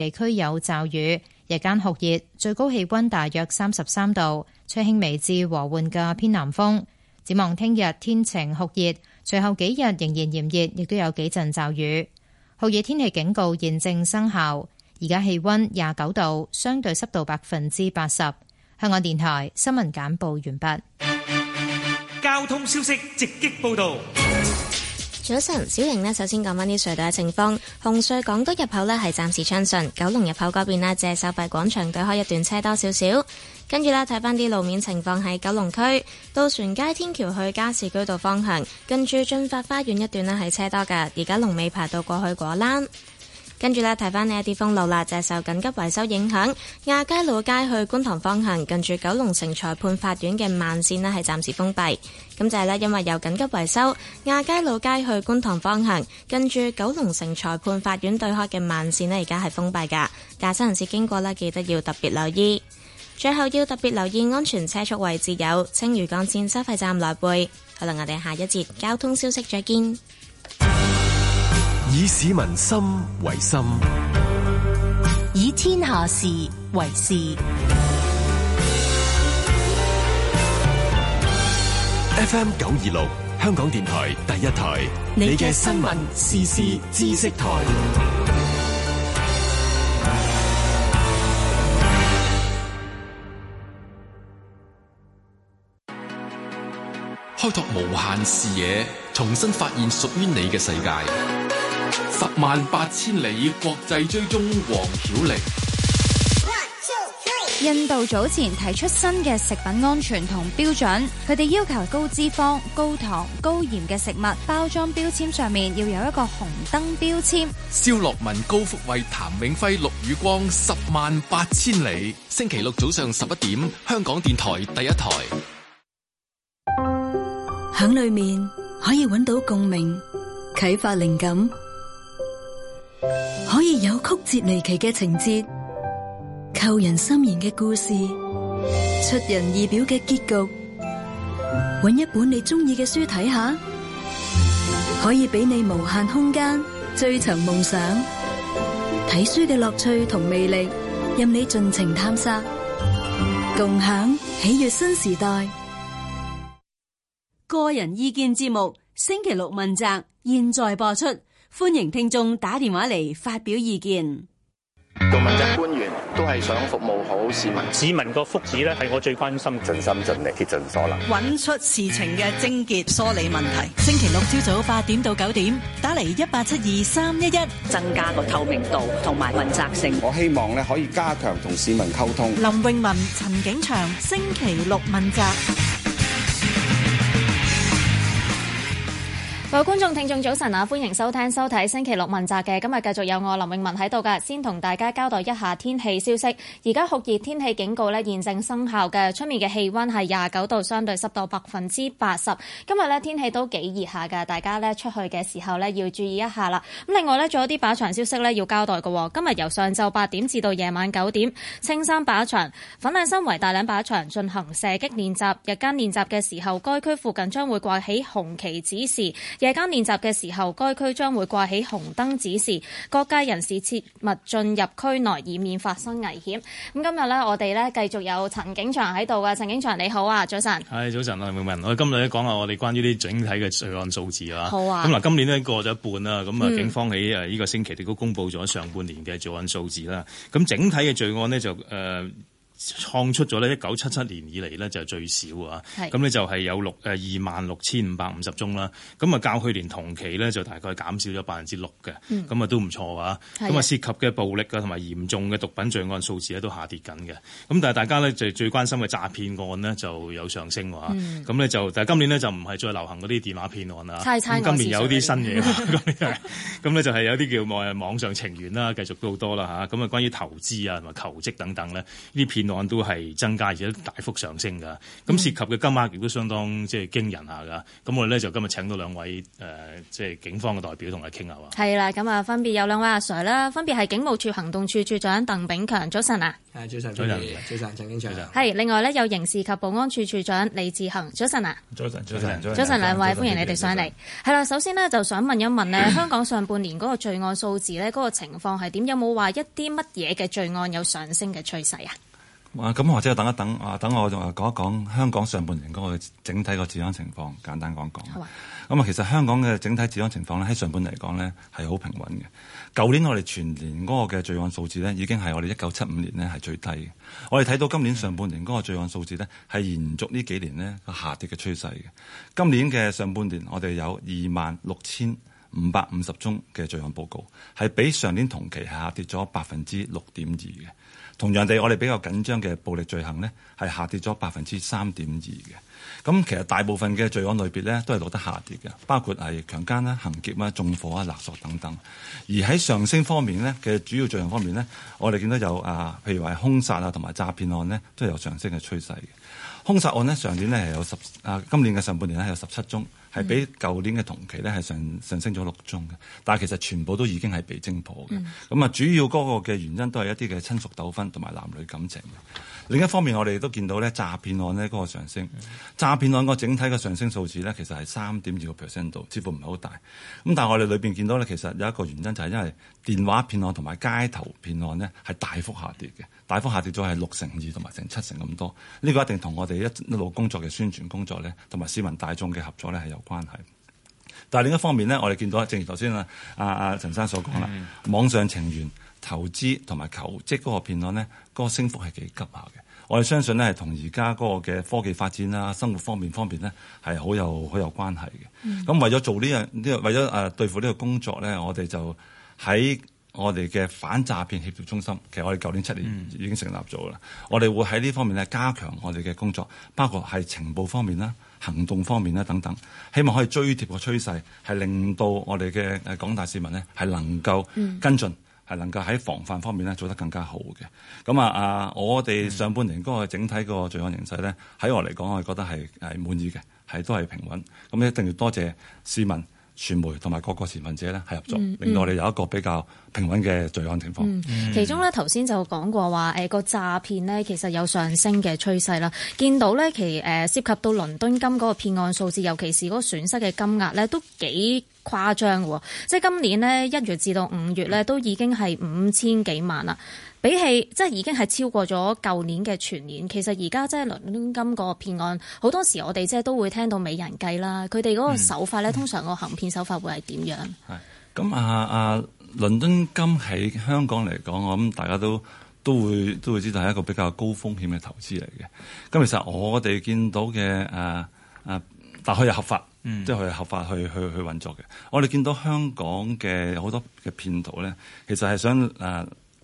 地區有驟雨，日間酷熱，最高氣溫大約三十三度，吹輕微至和緩嘅偏南風。展望聽日天，天晴酷熱，隨後幾日仍然炎熱，亦都有幾陣驟雨。酷熱天氣警告現正生效，而家氣溫廿九度，相對濕度百分之八十。香港電台新聞簡報完畢。交通消息直擊報道。早晨，小玲呢，首先講翻啲隧道嘅情況。紅隧港島入口呢，係暫時暢順，九龍入口嗰邊呢，即係收費廣場對開一段車多少少。跟住咧睇翻啲路面情況喺九龍區，渡船街天橋去加士居道方向，近住駿發花園一段呢，係車多嘅，而家龍尾排到過去果欄。跟住呢，睇翻呢一啲封路啦，就係受緊急維修影響，亞皆老街去觀塘方向，近住九龍城裁判法院嘅慢線呢係暫時封閉。咁就係呢，因為有緊急維修，亞皆老街去觀塘方向，近住九龍城裁判法院對開嘅慢線呢而家係封閉噶，駕駛人士經過呢，記得要特別留意。最後要特別留意安全車速位置有青嶼幹線收費站內背。好啦，我哋下一節交通消息再見。以市民心為心，以天下事為事。FM 九二六，香港電台第一台，你嘅新聞、時事、知識台，開拓無限視野，重新發現屬於你嘅世界。十萬八千里國際追蹤黃曉玲。One, two, 印度早前提出新嘅食品安全同標準，佢哋要求高脂肪、高糖、高鹽嘅食物包裝標籤上面要有一個紅燈標籤。肖樂文、高福慧、譚永輝、陸宇光，十萬八千里。星期六早上十一點，香港電台第一台。響裏面可以揾到共鳴，啟發靈感。可以有曲折離奇嘅情節、扣人心弦嘅故事、出人意表嘅結局，揾一本你中意嘅書睇下，可以俾你無限空間追尋夢想。睇書嘅樂趣同魅力，任你盡情探索，共享喜悅新時代。個人意見節目，星期六問責，現在播出。歡迎聽眾打電話嚟發表意見。做問責官員都係想服務好市民，市民個福祉咧係我最關心，盡心盡力竭盡所能，揾出事情嘅症結，梳理問題。星期六朝早八點到九點，打嚟一八七二三一一，增加個透明度同埋問責性。我希望咧可以加強同市民溝通。林詠雯、陳景祥，星期六問責。各位觀眾、聽眾，早晨啊！歡迎收聽、收睇星期六問責嘅，今日繼續有我林詠雯喺度㗎。先同大家交代一下天氣消息。而家酷熱天氣警告呢，現正生效嘅，出面嘅氣溫係廿九度，相對濕度百分之八十。今日呢，天氣都幾熱下㗎，大家呢，出去嘅時候呢，要注意一下啦。咁另外呢，仲有啲靶場消息呢，要交代嘅喎。今日由上晝八點至到夜晚九點，青山靶場、粉嶺新圍大嶺靶場進行射擊練習。日間練習嘅時候，該區附近將會掛起紅旗指示。夜間練習嘅時候，該區將會掛起紅燈指示，各界人士切勿進入區內，以免發生危險。咁今日呢，我哋呢繼續有陳景祥喺度嘅，陳景祥，你好啊，早晨。係早晨，詠雯，我哋今日咧講下我哋關於啲整體嘅罪案數字啦。好啊。咁嗱，今年咧過咗一半啦，咁啊警方喺誒呢個星期亦都公布咗上半年嘅罪案數字啦。咁整體嘅罪案呢，就、呃、誒。創出咗咧，一九七七年以嚟咧就係最少啊！咁呢，就係有六二萬六千五百五十宗啦。咁啊，較去年同期咧就大概減少咗百分之六嘅，咁啊、嗯、都唔錯啊！咁啊涉及嘅暴力啊同埋嚴重嘅毒品罪案數字咧都下跌緊嘅。咁但係大家咧就最關心嘅詐騙案呢，就有上升喎。咁、嗯、咧就但係今年呢，就唔係再流行嗰啲電話騙案啦。咁今年有啲新嘢。咁 咧 就係有啲叫網上情緣啦，繼續都好多啦嚇。咁啊，關於投資啊同埋求職等等咧，呢啲騙案都係增加，而且大幅上升噶。咁、嗯、涉及嘅金額亦都相當即係驚人下噶。咁我哋咧就今日請到兩位誒，即、呃、係警方嘅代表同我傾下話係啦。咁啊，分別有兩位阿 Sir 啦，分別係警務處行動處處長鄧炳強，早晨啊，早晨，早晨，早晨，陳景祥，係另外呢，有刑事及保安處處長李志恒，早晨啊，早晨，早晨、就是，早晨，兩位歡迎你哋上嚟係啦。首先呢，就想問一問呢，香港上半年嗰個罪案數字呢，嗰個情況係點？有冇話一啲乜嘢嘅罪案有上升嘅趨勢啊？咁或者等一等啊，等我仲講一講香港上半年嗰個整體個治安情況，簡單講講。咁啊，其實香港嘅整體治安情況咧，喺上半年嚟講咧，係好平穩嘅。舊年我哋全年嗰個嘅罪案數字咧，已經係我哋一九七五年呢係最低嘅。我哋睇到今年上半年嗰個罪案數字咧，係延續呢幾年呢個下跌嘅趨勢嘅。今年嘅上半年我哋有二萬六千五百五十宗嘅罪案報告，係比上年同期下跌咗百分之六點二嘅。同樣地，我哋比較緊張嘅暴力罪行呢係下跌咗百分之三點二嘅。咁其實大部分嘅罪案類別呢都係錄得下跌嘅，包括係強姦啦、行劫啦、縱火啊、勒索等等。而喺上升方面呢，嘅主要罪行方面呢，我哋見到有啊，譬如話係兇殺啊，同埋詐騙案呢，都有上升嘅趨勢嘅。兇殺案呢，上年呢係有十啊，今年嘅上半年呢係有十七宗。係比舊年嘅同期咧係上上升咗六宗嘅，但係其實全部都已經係被偵破嘅。咁啊，主要嗰個嘅原因都係一啲嘅親屬糾紛同埋男女感情。另一方面，我哋都見到咧詐騙案咧嗰個上升，詐騙案個整體嘅上升數字咧，其實係三點二個 percent 度，似乎唔係好大。咁但係我哋裏面見到咧，其實有一個原因就係、是、因為電話騙案同埋街頭騙案咧係大幅下跌嘅，大幅下跌咗係六成二同埋成七成咁多。呢、這個一定同我哋一一路工作嘅宣傳工作咧，同埋市民大眾嘅合作咧係有關係。但係另一方面咧，我哋見到正如頭先啊啊陳生所講啦，網上情緣投資同埋求職嗰個騙案咧，嗰、嗰個升幅係幾急下嘅。我哋相信咧，係同而家嗰個嘅科技發展啦、生活方面方面咧，係好有好有關係嘅。咁、嗯、為咗做呢樣呢個為咗誒對付呢個工作咧，我哋就喺我哋嘅反詐騙協調中心，其實我哋舊年七年已經成立咗啦、嗯。我哋會喺呢方面咧加強我哋嘅工作，包括係情報方面啦、行動方面啦等等，希望可以追貼個趨勢，係令到我哋嘅誒廣大市民咧係能夠跟進。嗯係能夠喺防範方面咧做得更加好嘅。咁啊啊，我哋上半年嗰個整體嗰個罪案形勢咧，喺我嚟講，我係覺得係係滿意嘅，係都係平穩。咁一定要多謝市民、傳媒同埋各個前線者咧係合作，令到我哋有一個比較平穩嘅罪案情況。嗯嗯嗯、其中咧，頭先就講過話，誒個詐騙咧其實有上升嘅趨勢啦。見到咧，其誒涉及到倫敦金嗰個騙案數字，尤其是嗰個損失嘅金額咧，都幾誇張，即係今年呢，一月至到五月呢，都已經係五千幾萬啦，比起即係已經係超過咗舊年嘅全年。其實而家即係倫敦金嗰個騙案，好多時我哋即係都會聽到美人計啦。佢哋嗰個手法呢、嗯，通常個行騙手法會係點樣？係咁啊啊！倫敦金喺香港嚟講，我諗大家都都會都會知道係一個比較高風險嘅投資嚟嘅。咁其實我哋見到嘅誒誒，大概有合法。嗯，即係佢合法去去去運作嘅。我哋見到香港嘅好多嘅騙徒咧，其實係想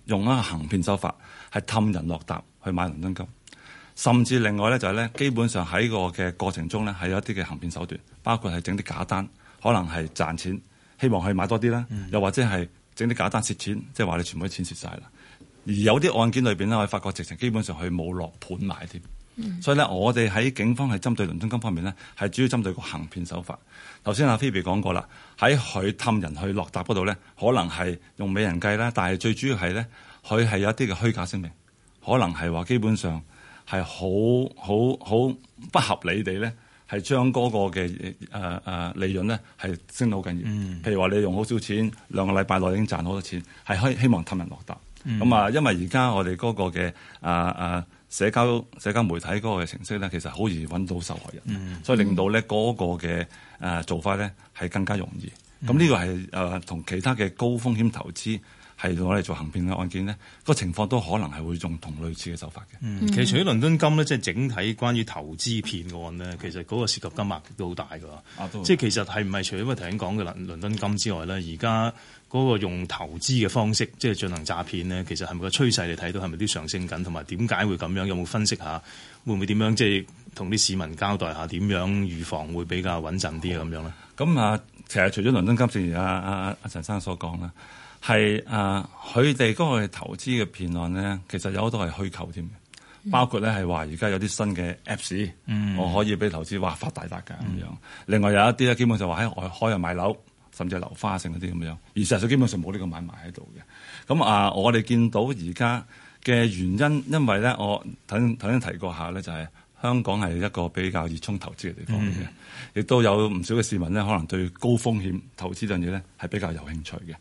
用一啲行騙手法，係氹人落搭，去買倫敦金，甚至另外咧就係咧，基本上喺個嘅過程中咧係有一啲嘅行騙手段，包括係整啲假單，可能係賺錢，希望去買多啲啦，又或者係整啲假單蝕錢，即係話你全部啲錢蝕晒啦。而有啲案件裏面咧，我哋發覺直情基本上佢冇落盤買添。所以咧，我哋喺警方係針對倫敦金方面咧，係主要針對個行騙手法。頭先阿 Phoebe 講過啦，喺佢氹人去落搭嗰度咧，可能係用美人計啦，但係最主要係咧，佢係有一啲嘅虛假聲明，可能係話基本上係好好好不合理地咧，係將嗰個嘅誒誒利潤咧係升到好緊要、嗯。譬如話你用好少錢，兩個禮拜內已經賺好多錢，係希希望氹人落搭。咁、嗯、啊，因為而家我哋嗰個嘅啊、呃社交社交媒體嗰個嘅程式咧，其實好易揾到受害人，嗯、所以令到咧嗰個嘅誒做法咧係更加容易。咁、嗯、呢個係誒同其他嘅高風險投資係攞嚟做行騙嘅案件咧，個情況都可能係會用同類似嘅手法嘅、嗯。其實除咗倫敦金咧，即、就、係、是、整體關於投資騙案咧，其實嗰個涉及金額、啊、都好大㗎，即係其實係唔係除咗頭先講嘅啦，倫敦金之外咧，而家。嗰個用投資嘅方式即係進行詐騙咧，其實係咪個趨勢嚟睇到係咪啲上升緊？同埋點解會咁樣？有冇分析下會唔會點樣？即係同啲市民交代下點樣預防會比較穩陣啲啊？咁樣咧。咁啊，其實除咗倫敦金正如阿阿阿陳生所講啦，係啊，佢哋嗰個投資嘅騙案咧，其實有好多係虛構添，包括咧係話而家有啲新嘅 Apps、嗯、我可以俾投資哇發大達㗎咁樣。另外有一啲咧，基本上話喺外開啊買樓。甚至係流花性嗰啲咁樣，而事實上基本上冇呢個買賣喺度嘅。咁啊，我哋見到而家嘅原因，因為咧，我頭先頭先提過下咧，就係、是、香港係一個比較熱衷投資嘅地方嚟嘅，亦、嗯、都有唔少嘅市民咧，可能對高風險投資呢樣嘢咧係比較有興趣嘅。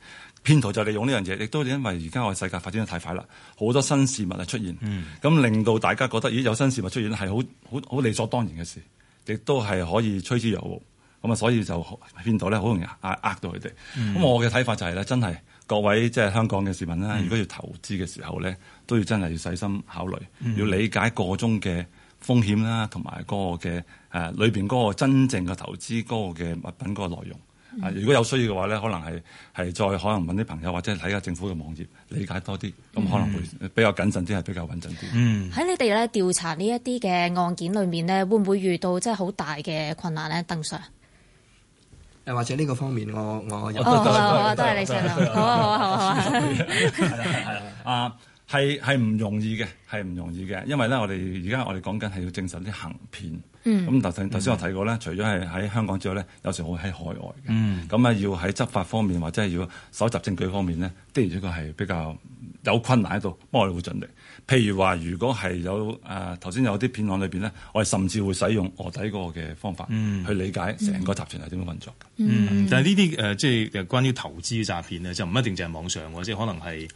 騙徒就利用呢樣嘢，亦都因為而家我哋世界發展得太快啦，好多新事物啊出現，咁、嗯、令到大家覺得咦有新事物出現係好好好理所當然嘅事，亦都係可以趨之若鶩。咁啊，所以就邊度咧，好容易呃呃到佢哋。咁、嗯、我嘅睇法就係、是、咧，真係各位即係香港嘅市民啦、嗯。如果要投資嘅時候咧，都要真係要細心考慮，嗯、要理解個中嘅風險啦，同埋嗰個嘅誒裏邊嗰個真正嘅投資嗰、嗰個嘅物品嗰、嗰個內容啊、嗯。如果有需要嘅話咧，可能係係再可能揾啲朋友，或者睇下政府嘅網頁，理解多啲，咁、嗯、可能會比較謹慎啲，係比較穩陣啲。喺、嗯、你哋咧調查呢一啲嘅案件裏面咧，會唔會遇到即係好大嘅困難咧？鄧 Sir？或者呢個方面，我我我，我，我，多、哦、謝你、 就是、好好好啊。係啊係啊。啊，係唔容易嘅，係 唔容易嘅。因為咧，我哋而家我哋講緊係要證實啲行騙。嗯。咁頭頭先我提過咧，除咗係喺香港之外咧，有時會喺海外嘅。咁啊，要喺執法方面或者係要蒐集證據方面咧，的然之個係比較有困難喺度，不過我會盡力。譬如話，如果係有誒頭先有啲騙案裏面咧，我哋甚至會使用臥底個嘅方法去理解成個集團係點樣運作嘅。嗯，嗯，但係呢啲即係關於投資嘅詐騙咧，就唔一定淨係網上嘅，即係可能係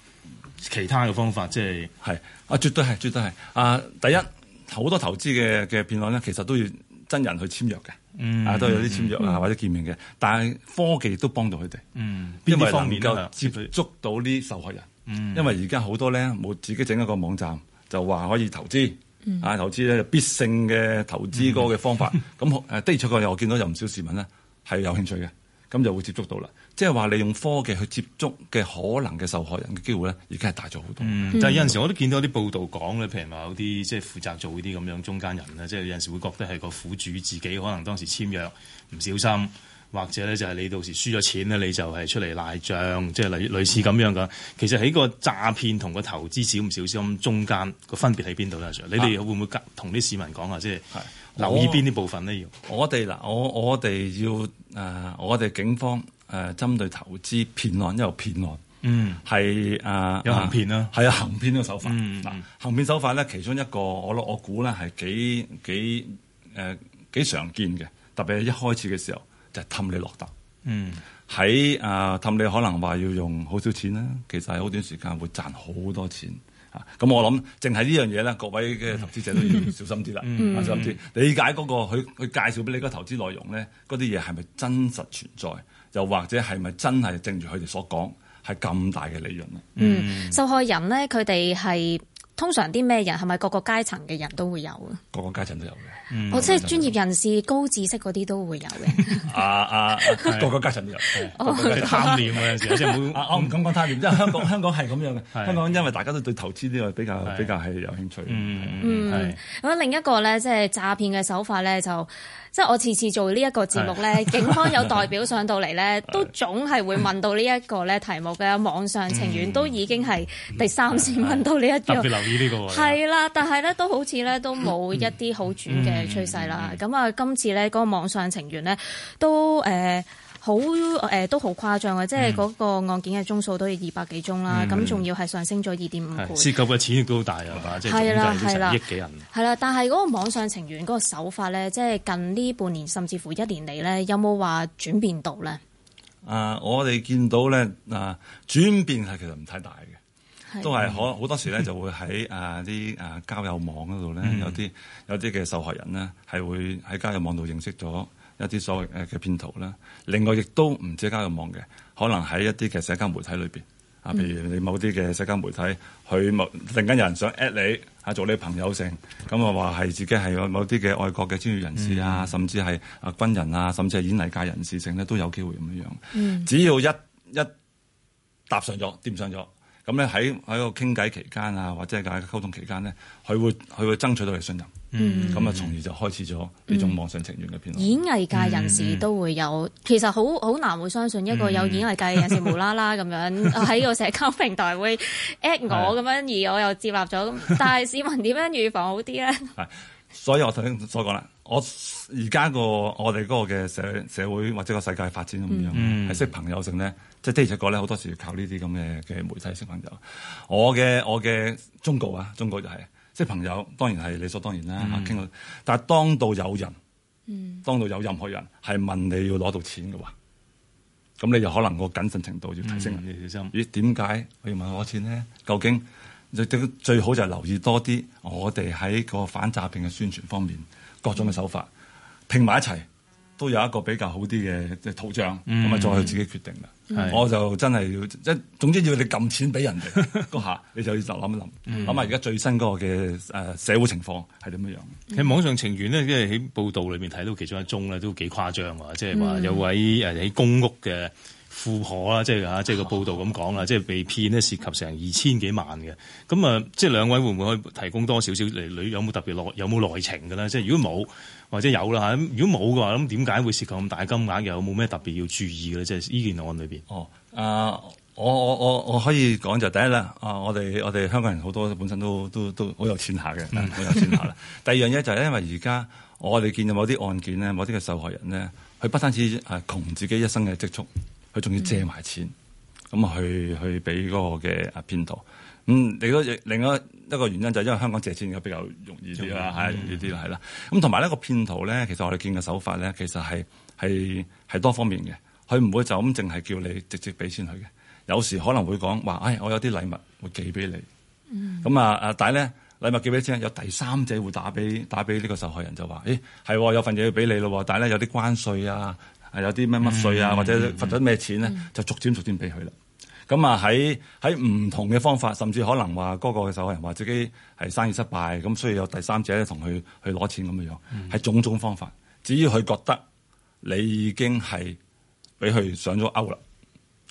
其他嘅方法。即係係啊，絕對係，絕對係啊！第一好、嗯、多投資嘅嘅騙案咧，其實都要真人去簽約嘅，嗯，啊，都有啲簽約啊、嗯、或者見面嘅。但係科技都幫到佢哋，嗯，邊方面、啊、能夠接觸到啲受害人。嗯、因為而家好多咧冇自己整一個網站，就話可以投資，嗯、啊投資咧必勝嘅投資嗰嘅方法。咁、嗯、誒， 的確個又我見到有唔少市民咧係有興趣嘅，咁就會接觸到啦。即係話你用科技去接觸嘅可能嘅受害人嘅機會咧，而家係大咗好多。但、嗯、係、就是、有陣時我都見到啲報道講咧，譬如話有啲即係負責做呢啲咁樣中間人咧，即、就、係、是、有陣時會覺得係個苦主自己可能當時簽約唔小心。或者咧就係你到時輸咗錢咧，你就係出嚟賴帳，即係類類似咁樣噶、嗯。其實喺個詐騙同個投資少唔少咁中間個分別喺邊度咧？你哋會唔會同啲市民講下？即係、係、留意邊啲部分咧？要我哋嗱，我我哋要、呃、我哋警方誒、呃、針對投資騙案又騙案，嗯係誒、呃、有行騙啦、啊，係有、啊啊、行騙嘅手法嗱、嗯，行騙手法咧其中一個我我估咧係幾幾誒、呃、幾常見嘅，特別係一開始嘅時候。就氹、是、你落疊，喺、嗯、啊氹你可能話要用好少錢啦，其實喺好短時間會賺好多錢啊！咁、嗯、我諗，淨係呢樣嘢咧，各位嘅投資者都要小心啲啦、嗯，小心啲理解嗰、那個佢佢介紹俾你嘅投資內容咧，嗰啲嘢係咪真實存在，又或者係咪真係正如佢哋所講係咁大嘅利潤咧？嗯，受害人咧，佢哋係。通常啲咩人？係咪個個階層嘅人都會有啊？個個階層都有嘅、嗯，我即係專業人士、嗯、高知識嗰啲都會有嘅 啊。啊啊，個 個階層都有，係、哦、貪念啊！有時即、啊、我唔敢講貪念， 因為香港香港係咁樣嘅。 香港因為大家都對投資呢個比較比較係有興趣。嗯嗯，咁另一個咧，即係詐騙嘅手法咧就是。即係我次次做呢一個節目呢，警方有代表上到嚟呢， 都總係會問到呢一個呢題目嘅網上情願都已經係第三次問到呢，這，一個，特別留意呢，這個係啦，但係呢，都好似呢，都冇一啲好轉嘅趨勢啦。咁、嗯、啊、嗯嗯嗯，今次呢，嗰個網上情願呢，都、呃好誒、呃、都好誇張嘅，即係嗰個案件嘅宗數都200宗、嗯、要二百幾宗啦。咁仲要係上升咗二點五倍，涉及嘅錢亦都好大啊！係啦，係啦，億幾人。係啦，但係嗰個網上情緣嗰個手法咧，即、就、係、是、近呢半年甚至乎一年嚟咧，有冇話轉變到咧？啊、呃，我哋見到咧啊，轉變係其實唔太大嘅，都係可好多時咧 就會喺啊啲啊交友網嗰度咧，有啲有啲嘅受害人呢，係會喺交友網度認識咗。一啲所謂嘅騙徒啦，另外亦都唔止交流網嘅，可能喺一啲嘅社交媒體裏面，啊，譬如你某啲嘅社交媒體，佢突然間有人想 at 你，做你朋友性。咁啊話係自己係某啲嘅外國嘅專業人士啊、嗯嗯，甚至係啊軍人啊，甚至係演藝界人士性咧，都有機會咁樣、嗯、只要一一搭上咗，掂上咗，咁咧喺喺個傾偈期間啊，或者係大家溝通期間咧，佢會佢會爭取到你信任。嗯，咁啊，從而就開始咗呢種網上情緣嘅片幻。演藝界人士都會有，其實好好難會相信一個有演藝界人士無啦啦咁樣喺個社交平台會 at 我咁樣，而我又接納咗。咁但係市民點樣預防好啲咧？所以我頭先所講啦，我而家個我哋嗰個嘅社社會或者個世界發展咁樣，係識朋友性咧，即係的而且確咧，好多時靠呢啲咁嘅嘅媒體識朋友。我嘅我嘅忠告啊，忠告就係。即係朋友，當然係理所當然啦。傾、嗯、到，但係當到有人、嗯，當到有任何人係問你要攞到錢嘅話，咁你又可能個謹慎程度要提升。小心咦？點解我要問攞錢咧？究竟最最好就係留意多啲，我哋喺個反詐騙嘅宣傳方面各種嘅手法拼埋、嗯、一齊。都有一個比較好啲嘅即係圖像，咁啊再去自己決定啦。我就真係要即係總之要你撳錢俾人哋嗰下，你就要諗一諗，諗下。咁、嗯、啊，而家最新嗰個嘅誒社會情況係點樣樣？喺網上情緣呢，即係喺報道裏面睇到其中一宗咧，都幾誇張啊！即係話有位誒喺公屋嘅富婆啦，即係嚇，即係個報道咁講啦，即係被騙呢，涉及成二千幾萬嘅。咁啊，即係兩位會唔會可以提供多少少嚟？有冇特別內有冇內情嘅咧？即係如果冇。或者有啦嚇，如果冇嘅話，咁點解會涉及咁大金額嘅？有冇咩特別要注意嘅咧？即係呢件案裏邊。哦，啊、呃，我我我我可以講就第一啦，啊、呃，我哋我哋香港人好多本身都都都好有錢下嘅，好、嗯、有錢下啦。 第二樣嘢就係因為而家我哋見到某啲案件咧，某啲嘅受害人咧，佢不單止係窮自己一生嘅積蓄，佢仲要借埋錢，咁、嗯、啊去去俾嗰個嘅啊騙徒。嗯，你果另外一個原因就係因為香港借錢比較容易啲啦，係呢啲啦，係啦。咁同埋呢個騙徒咧，其實我哋見嘅手法咧，其實係係係多方面嘅。佢唔會就咁淨係叫你直接俾錢佢嘅。有時可能會講話，唉、哎，我有啲禮物會寄俾你。咁啊啊，但係咧禮物寄俾錢，有第三者會打俾打俾呢個受害人就話，咦、哎、係哦，有份嘢要俾你咯。但係咧有啲關稅啊，係有啲乜乜稅啊、嗯，或者罰咗咩錢咧、嗯，就逐漸逐漸俾佢啦。咁、嗯、啊，喺喺唔同嘅方法，甚至可能話嗰個受害人話自己係生意失敗，咁所以有第三者咧同佢去攞錢咁嘅樣，係、嗯、種種方法。只要佢覺得你已經係俾佢上咗勾啦，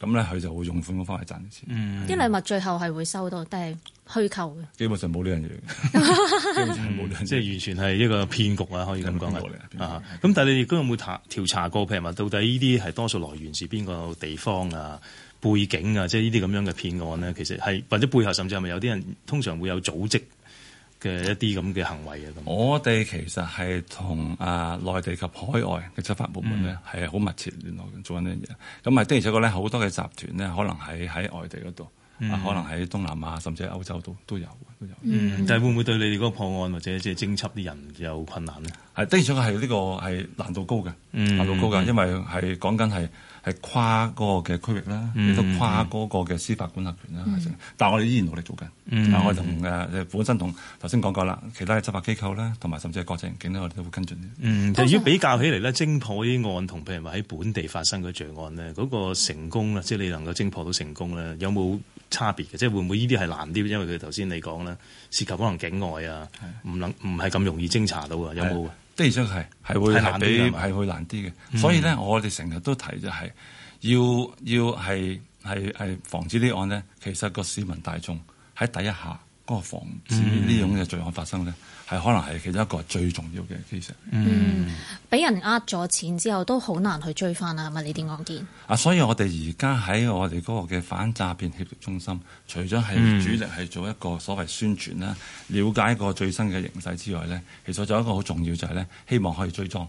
咁咧佢就會用款嘅方法去賺啲錢。啲、嗯、禮物最後係會收到定係虛構嘅？基本上冇呢樣嘢，冇 呢，即 係、嗯就是、完全係一個騙局啊！可以咁講。咁但係你亦都有冇查調查過，譬如話到底呢啲係多數來源是邊個地方啊？背景啊，即係呢啲咁樣嘅騙案咧，其實係或者背後甚至係咪有啲人通常會有組織嘅一啲咁嘅行為啊？咁我哋其實係同啊內地及海外嘅執法部門咧係好密切聯絡，做緊呢樣嘢。咁啊的而且確咧，好多嘅集團咧可能係喺外地嗰度、嗯、可能喺東南亞甚至係歐洲都有都有都有。嗯、但係會唔會對你哋嗰個破案或者即係偵緝啲人有困難呢？係的而且確係呢個係難度高嘅，難度高㗎，因為係講緊係。跨嗰個嘅區域啦，亦都跨嗰個嘅司法管轄權啦、嗯，但係我哋依然努力做緊、嗯。但係我同誒本身同頭先講過啦，其他嘅執法機構啦，同埋甚至係國際刑警咧，我哋都會跟進。嗯，其、嗯、實如果比較起嚟咧，偵破依啲案同譬如話喺本地發生嘅罪案咧，嗰、嗰個成功啦，即係你能夠偵破到成功咧，有冇差別嘅？即係會唔會呢啲係難啲？因為佢頭先你講啦，涉及可能境外啊，唔能唔係咁容易偵查到啊？有冇？的而且係係會難啲，係會難啲嘅、嗯。所以咧，我哋成日都提就係要要係係係防止呢個案咧。其實個市民大眾，喺第一下。嗰個防止呢種嘅罪案發生咧，係、嗯、可能係其中一個最重要嘅，其實。嗯，俾人呃咗錢之後都好難去追翻啊，係咪你點講？見啊，所以我哋而家喺我哋嗰個嘅反詐騙協調中心，除咗係主力係做一個所謂宣傳啦、嗯，了解一個最新嘅形勢之外咧，其實仲有一個好重要就係咧，希望可以追贓，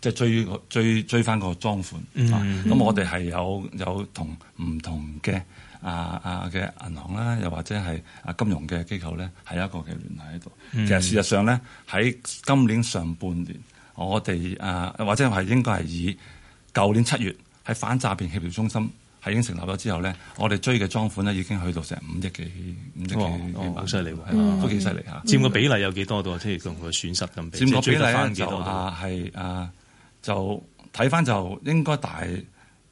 即係追追追翻個贓款。咁、嗯嗯、我哋係有有同唔同嘅。啊啊嘅銀行啦，又或者係啊金融嘅機構咧，係一個嘅聯繫喺度、嗯。其實事實上咧，喺今年上半年，我哋啊或者係應該係以舊年七月喺反詐騙協調中心係已經成立咗之後咧，我哋追嘅贓款咧已經去到成五億幾、哦、五億幾好犀利喎，好、哦、勁！犀利嚇。佔個比例有幾多度？即係同佢損失咁比。佔個比例就，就啊係啊，就睇返就應該大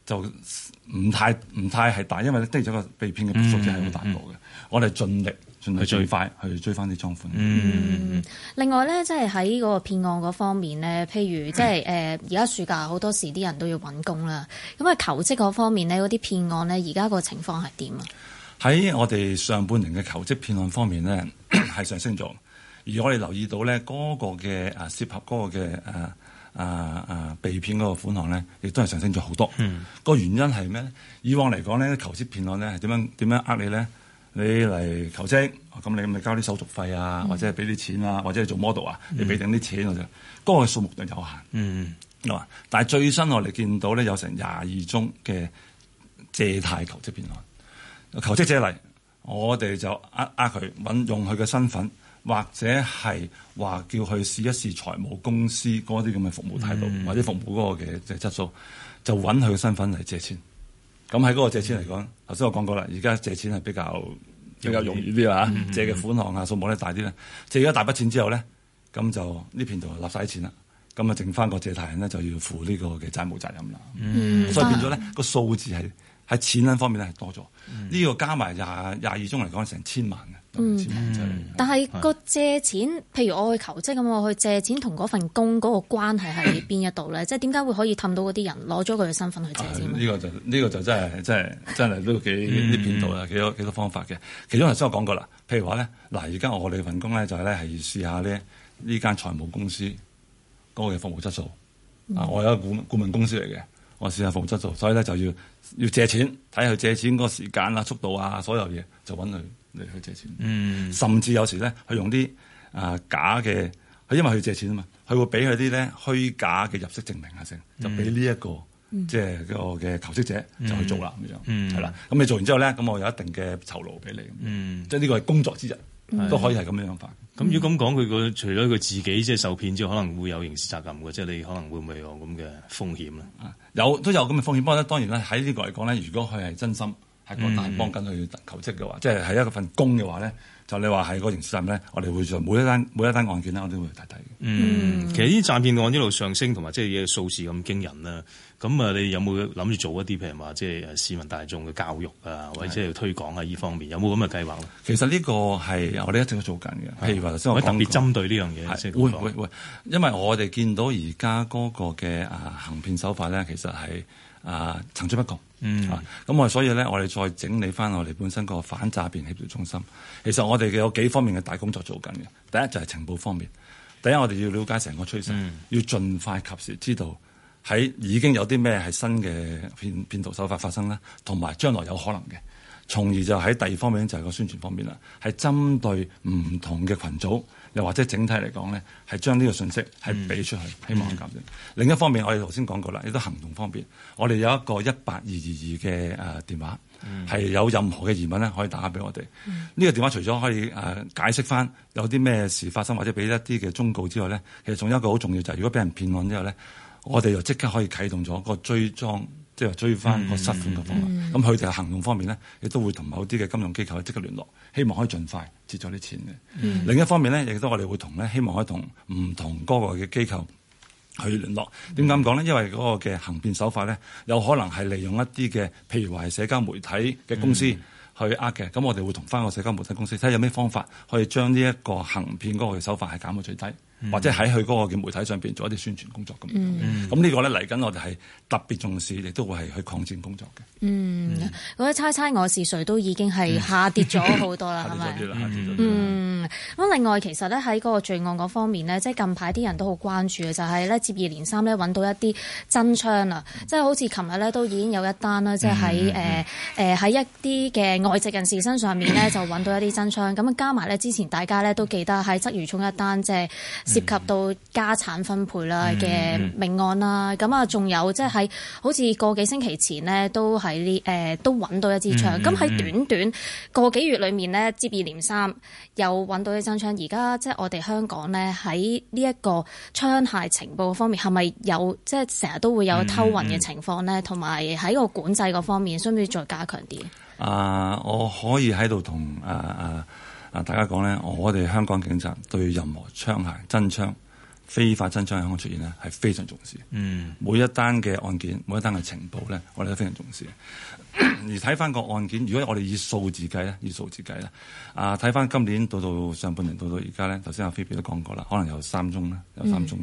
就。唔太唔太係大，因為咧的咗個被騙嘅數字係好大個嘅。嗯嗯、我哋盡力盡力最快去追翻啲贓款。嗯，另外咧，即係喺嗰個騙案嗰方面咧，譬如即係誒而家暑假好多時啲人都要揾工啦。咁啊，求職嗰方面咧，嗰啲騙案咧，而家個情況係點啊？喺我哋上半年嘅求職騙案方面咧，係 上升咗。而我哋留意到咧，嗰、嗰個嘅啊，涉及嗰個嘅啊。啊啊！被騙嗰個款項咧，亦都係上升咗好多。嗯個原因係咩咧？以往嚟講咧，求職騙案咧，係點樣點樣呃你咧？你嚟求職，咁你咪交啲手續費啊，嗯、或者係俾啲錢啊，或者係做 model 啊，你俾定啲錢我、啊、就。嗰、嗯個數目就有限。嗱、嗯，但係最新我哋見到咧，有成廿二宗嘅借貸求職騙案。求職者嚟，我哋就呃呃佢搵用佢嘅身份。或者係話叫佢試一試財務公司嗰啲咁嘅服務態度，嗯、或者服務嗰個嘅即係質素，就揾佢嘅身份嚟借錢。咁喺嗰個借錢嚟講，頭、嗯、先我講過啦，而家借錢係比較比較容易啲啊、嗯，借嘅款項啊數目咧大啲啦、嗯。借咗一大筆錢之後咧，咁就呢騙徒立曬啲錢啦，咁啊剩翻個借貸人咧就要負呢個嘅債務責任啦、嗯。所以變咗咧、啊嗰個數字係喺錢銀方面咧係多咗。呢、嗯呢個加埋廿廿二宗嚟講成千萬嘅。嗯，但係個借錢，譬如我去求職咁，我去借錢同嗰份工嗰個關係喺邊一度咧？即係點解會可以氹到嗰啲人攞咗佢嘅身份去借錢？呢、啊呢個就呢、呢個就真係真係真係都幾啲騙徒幾多方法嘅、嗯。其中頭先我講過啦，譬如話咧，嗱而家我我哋份工咧就係咧係試下咧呢間財務公司嗰個嘅服務質素。嗯啊、我有一個顧顧問公司嚟嘅，我試下服務質素，所以咧就要要借錢睇下佢借錢嗰個時間啊、速度啊、所有嘢就揾佢。你去借錢、嗯，甚至有時咧，佢用啲啊假嘅，佢因為佢借錢啊嘛，佢會俾佢啲咧虛假嘅入息證明啊，先、嗯，就俾呢一個即係、嗯就是、嗰個嘅求職者就去做啦咁樣，係、嗯、啦。咁你做完之後咧，咁我有一定嘅酬勞俾你，嗯、即係呢個係工作之日，都可以係咁樣法。咁如果咁講，佢除咗佢自己即係受騙之後，可能會有刑事責任嘅，即、就是、你可能會唔會有咁嘅風險咧？有都有咁嘅風險，不過當當然呢，喺呢個嚟講咧，如果佢係真心。喺個大幫緊佢求職嘅話，嗯、即係喺一個份工嘅話咧，就你話係個刑事案咧，我哋會每一單每一單案件咧，我都會睇睇。嗯，其實啲詐騙案一路上升，同埋即係嘅數字咁驚人啦。咁啊，你有冇諗住做一啲譬如話，即係市民大眾嘅教育啊，或者即係推廣啊，呢方面有冇咁嘅計劃咧？其實呢個係我哋一直都做緊嘅。譬如話頭先我講，可以特別針對呢樣嘢，會會會，因為我哋見到而家嗰個嘅啊行騙手法咧，其實係啊層出不窮。嗯啊，咁我哋所以咧，我哋再整理翻我哋本身個反詐騙協調中心。其實我哋有幾方面嘅大工作做緊嘅。第一就係、是、情報方面，第一我哋要了解成個趨勢、嗯，要盡快及時知道喺已經有啲咩係新嘅騙騙徒手法發生啦，同埋將來有可能嘅，從而就喺第二方面就係、是、個宣傳方面啦，係針對唔同嘅群組，又或者整體嚟講咧，係將呢個信息係俾出去，嗯、希望咁樣。另一方面，我哋頭先講過啦，亦都行動方面，我哋有一個一八二二二嘅誒電話，係、嗯、有任何嘅疑問咧，可以打俾我哋。呢、嗯呢個電話除咗可以誒解釋翻有啲咩事發生，或者俾一啲嘅忠告之外咧，其實仲有一個好重要就係、是，如果俾人騙案之後咧，我哋又即刻可以啟動咗個追蹤。即係追翻個失款嘅方法，咁佢哋嘅行動方面咧，亦都會同某啲嘅金融機構即刻聯絡，希望可以盡快接咗啲錢嘅、嗯。另一方面咧，亦都我哋會同咧，希望可以同唔同嗰個嘅機構去聯絡。點解咁講咧？因為嗰個嘅行騙手法咧，有可能係利用一啲嘅，譬如話係社交媒體嘅公司去呃嘅。咁、嗯、我哋會同翻個社交媒體公司睇下有咩方法可以將呢一個行騙嗰個嘅手法係減到最低。或者喺佢嗰個嘅媒體上面做一啲宣傳工作咁，咁呢個呢，嚟緊我哋係特別重視，亦都會係去抗戰工作嘅。嗯、咁、嗯、猜猜我是誰都已經係下跌咗好多啦，係、嗯、咪？ 下跌咗啲啦、嗯，下跌咗啲嗯，咁、嗯、另外其實呢，喺嗰個罪案嗰方面呢，即係近排啲人都好關注嘅，就係、是、呢接二連三呢，揾到一啲真槍啦，即係好似琴日呢，都已經有一單啦，即係喺喺一啲嘅外籍人士身上面呢，就揾到一啲真槍。咁加埋呢，之前大家呢都記得喺鰂魚涌一單即、就是涉及到家產分配啦嘅命案啦，咁啊仲有即係喺好似個幾星期前呢，都喺呢誒都揾到一支槍。咁、嗯、喺、嗯、短短、嗯嗯、個幾月裏面呢，接二連三又揾到一支槍。而家即係我哋香港呢，喺呢一個槍械情報方面，係咪有即係成日都會有偷運嘅情況呢？同埋喺個管制個方面，需唔需要再加強啲？啊，我可以喺度同啊～啊啊、大家講咧，我哋香港警察對任何槍械、真槍、非法真槍喺出現咧，係非常重視。嗯，每一單嘅案件、每一單嘅情報咧，我哋都非常重視、嗯。而睇翻個案件，如果我哋以數字計咧，以數字計呢，啊，睇翻今年到到上半年到到而家咧，頭先阿菲比都講過啦，可能有三宗啦，有三宗。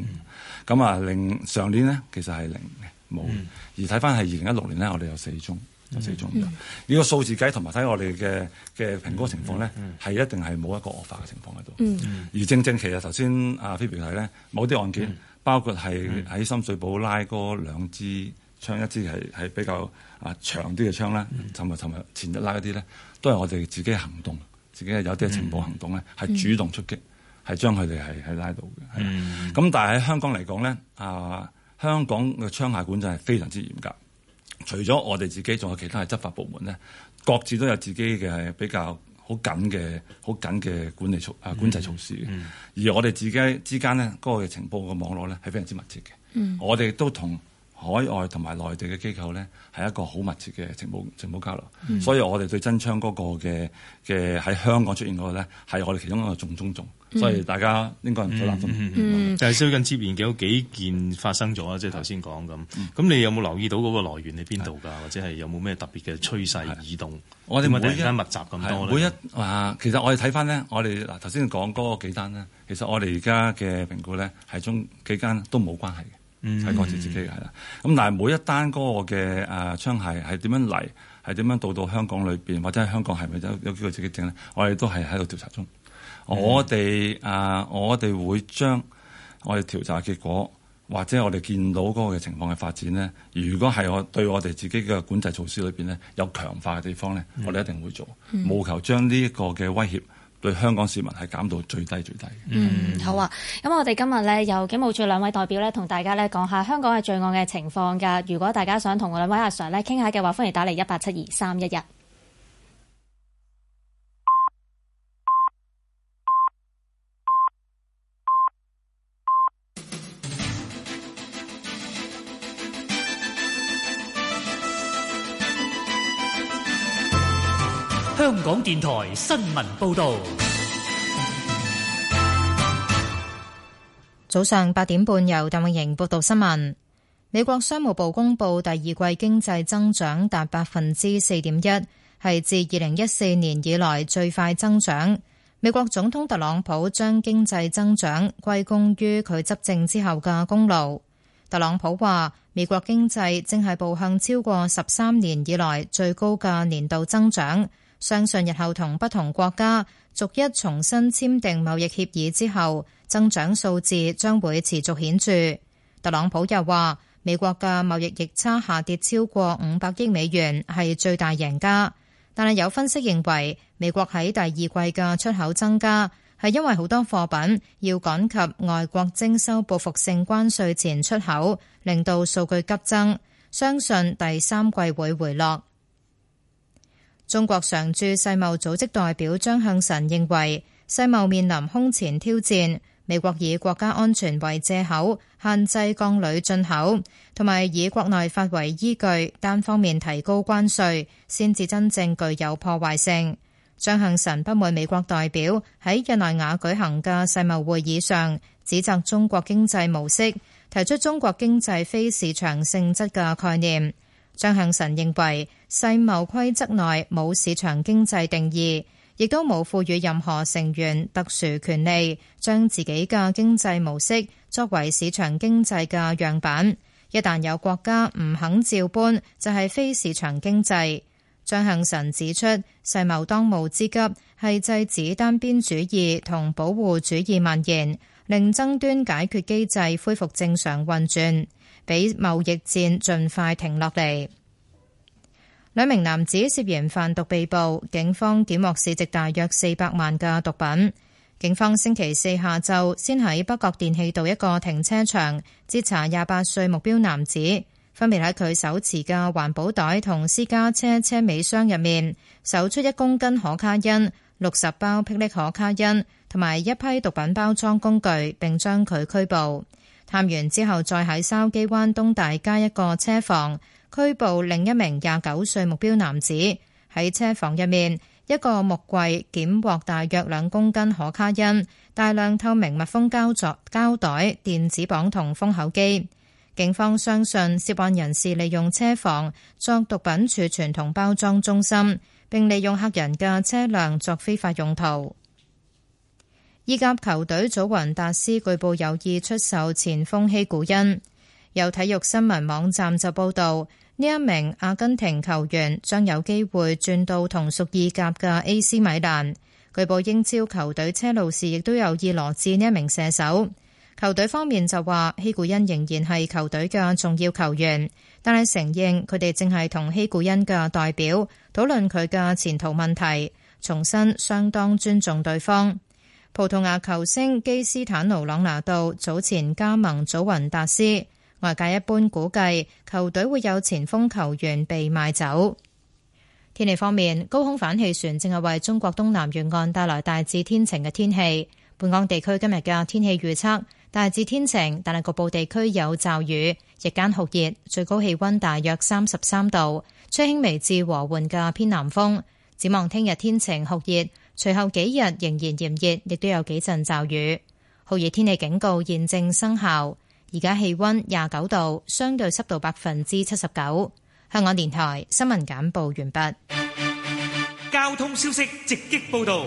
咁、嗯、啊，零上年咧，其實係零嘅冇、嗯。而睇翻係二零一六年咧，我哋有四宗。四宗嘅呢個數字計同埋睇我哋嘅嘅評估情況咧，係、嗯嗯、一定係冇一個惡化嘅情況喺度、嗯。而正正其實頭先阿菲睇咧，某啲案件、嗯、包括係喺、嗯、深水埗拉嗰兩支槍，窗一支係係比較啊長啲嘅槍咧。同埋同埋前日拉嗰啲咧，都係我哋自己行動，自己係有啲嘅情報行動咧，係、嗯、主動出擊，係將佢哋係係拉到嘅。咁、嗯嗯、但係喺香港嚟講咧，啊，香港嘅槍械管制係非常之嚴格。除咗我哋自己，仲有其他嘅執法部門咧，各自都有自己嘅比較好緊嘅、好緊嘅管理措啊管制措施、嗯嗯、而我哋自己之間咧，嗰、嗰個嘅情報嘅網絡咧，係非常之密切嘅、嗯。我哋都同。海外同埋內地嘅機構咧，係一個好密切嘅情報情報交流，嗯、所以我哋對真槍嗰個嘅嘅喺香港出現嗰個咧，係我哋其中一個重中之重、嗯，所以大家應該唔好冷靜。但、嗯、係、嗯嗯嗯就是、最近接連有幾件發生咗，即係頭先講咁。咁、就是嗯、你有冇留意到嗰個來源喺邊度㗎？或者係有冇咩特別嘅趨勢移動？我哋每一間密集咁多咧，每一啊、呃，其實我哋睇翻咧，我哋嗱頭先講嗰個幾單咧，其實我哋而家嘅評估咧，係中幾間都冇關係嘅。係各自自己嘅係啦。咁但係每一單嗰個嘅誒槍械係點樣嚟，係點樣到到香港裏邊，或者喺香港係咪有有機會自己整咧？我哋都係喺度調查中。我哋、mm. 啊，我哋會將我哋調查結果，或者我哋見到嗰個嘅情況嘅發展咧。如果係我對我哋自己嘅管制措施裏邊咧有強化嘅地方咧，我哋一定會做，務求將呢一個嘅威脅，對香港市民係減到最低最低嘅。嗯，好啊。咁我哋今日呢，由警務處兩位代表呢，同大家呢講下香港嘅罪案嘅情況㗎。如果大家想同我兩位阿 Sir 呢傾下嘅話，歡迎打嚟一八七二三一一。香港電台新聞報道，早上八點半由鄧詠瑩報道新聞。美國商務部公布第二季經濟增長達百分之四點一，係自二零一四年以來最快增長。美國總統特朗普將經濟增長歸功於佢執政之後嘅功勞。特朗普話，美國經濟正係步向超過十三年以來最高嘅年度增長。相信日後同不同國家逐一重新簽訂貿易協議之後，增長數字將會持續顯著。特朗普又話，美國嘅貿易逆差下跌超過五百億美元，係最大贏家。但係有分析認為，美國喺第二季嘅出口增加係因為好多貨品要趕及外國徵收報復性關稅前出口，令到數據急增。相信第三季會回落。中國常駐世貿組織代表張向晨認為，世貿面臨空前挑戰。美國以國家安全為借口限制鋼鋁進口，同埋以國內法為依據單方面提高關稅，先至真正具有破壞性。張向晨不滿美國代表喺日內瓦舉行嘅世貿會議上，指責中國經濟模式，提出中國經濟非市場性質嘅概念。張向晨認為，世貿規則內冇市場經濟定義，亦都冇賦予任何成員特殊權利，將自己嘅經濟模式作為市場經濟嘅樣板。一旦有國家唔肯照搬，就係、是、非市場經濟。張向晨指出，世貿當務之急係制止單邊主義同保護主義蔓延，令爭端解決機制恢復正常運轉。俾貿易戰盡快停落嚟。兩名男子涉嫌販毒被捕，警方檢獲市值大約四百萬嘅毒品。警方星期四下晝先喺北角電氣道一個停車場截查廿八歲目標男子，分別喺佢手持嘅環保袋同私家車車尾箱入面搜出一公斤可卡因、六十包霹靂可卡因同埋一批毒品包裝工具，並將佢拘捕。探完之後，再喺筲箕灣東大街一個車房，拘捕另一名廿九歲目標男子。喺車房入面，一個木櫃檢獲大約兩公斤可卡因，大量透明密封膠作膠袋、電子磅同封口機。警方相信涉案人士利用車房作毒品儲存同包裝中心，並利用客人嘅車輛作非法用途。意甲球隊祖雲達斯據報有意出售前鋒希古恩，有體育新聞網站就報道呢一名阿根廷球員將有機會轉到同屬意甲嘅 AC 米蘭。據報英超球隊車路士亦都有意羅致呢一名射手。球隊方面就話，希古恩仍然係球隊嘅重要球員，但係承認佢哋正係同希古恩嘅代表討論佢嘅前途問題，重申相當尊重對方。葡萄牙球星基斯坦奴·朗拿度早前加盟祖雲達斯，外界一般估計球隊會有前鋒球員被賣走。天氣方面，高空反氣旋正係為中國東南沿岸帶來大致天晴嘅天氣。本港地區今日嘅天氣預測大致天晴，但係局部地區有驟雨，日間酷熱，最高氣溫大約三十三度，吹輕微至和緩嘅偏南風。展望聽日天晴酷熱。隨後幾日仍然炎熱，亦都有幾陣驟雨。酷熱天氣警告現正生效。而家氣温廿九度，相對濕度百分之七十九。香港電台新聞簡報完畢。交通消息直擊報道。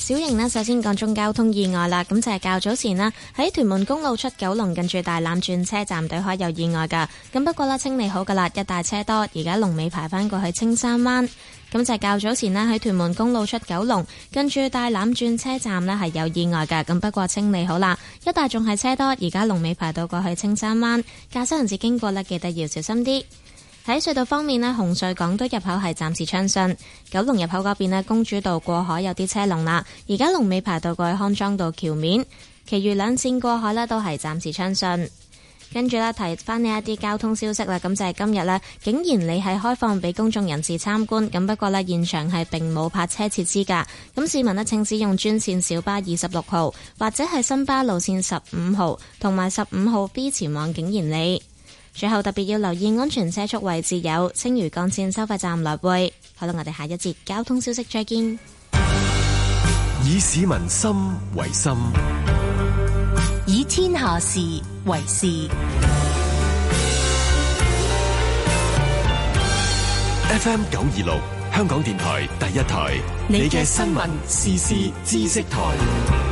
小型呢，首先講中交通意外啦。咁就係較早前啦，喺屯門公路出九龍，近住大欖轉車站對開有意外噶。咁不過啦，清理好噶啦，一帶車多，而家龍尾排翻過去青山灣。咁就係較早前啦，喺屯門公路出九龍，跟住大欖轉車站呢，係有意外噶。咁不過清理好啦，一帶仲係車多，而家龍尾排到過去青山灣，駕駛人士經過呢，記得要小心啲。喺隧道方面呢紅隧港島入口係暫時暢順，九龍入口嗰邊咧公主道過海有啲車龍啦，而家龍尾排到過去康莊道橋面，其餘兩線過海呢都係暫時暢順。跟住呢，提翻呢一啲交通消息啦，咁就係今日呢，景賢里係開放俾公眾人士參觀，咁不過呢，現場係並冇泊車設施噶，咁市民呢，請使用專線小巴二十六號或者係新巴路線十五號同埋十五號 B 前往景賢里。最後特別要留意安全車速位置有青嶼幹線收費站來會。好啦，我哋下一節交通消息再見。以市民心為心，以天下事為事。FM 九二六，香港電台第一台，你嘅新聞時事知識台。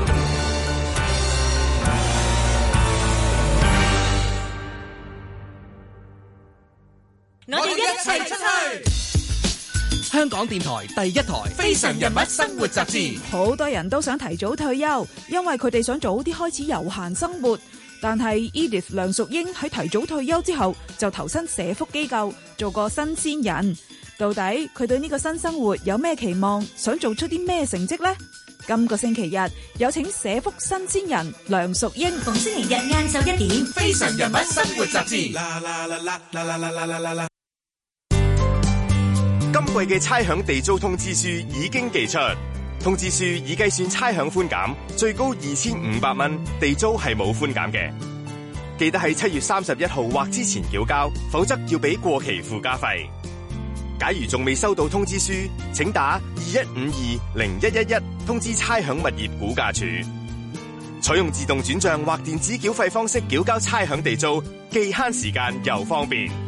香港電台第一台《非常人物生活雜誌》，好多人都想提早退休，因為佢哋想早啲開始悠閒生活。但係 Edith 梁淑英喺提早退休之後，就投身社福機構，做個新鮮人。到底佢對呢個新生活有咩期望？想做出啲咩成績呢？今個星期日有請社福新鮮人梁淑英，逢星期日晏晝一點，《非常人物生活雜誌》啦。啦啦啦啦啦啦貴嘅差餉地租通知書已經寄出，通知書已計算差餉寬減，最高二千五百蚊，地租係冇寬減嘅。記得喺七月三十一號或之前繳交，否則要俾過期附加費。假如仲未收到通知書，請打二一五二零一一一通知差餉物業估價署。採用自動轉賬或電子繳費方式繳交差餉地租，既慳時間又方便。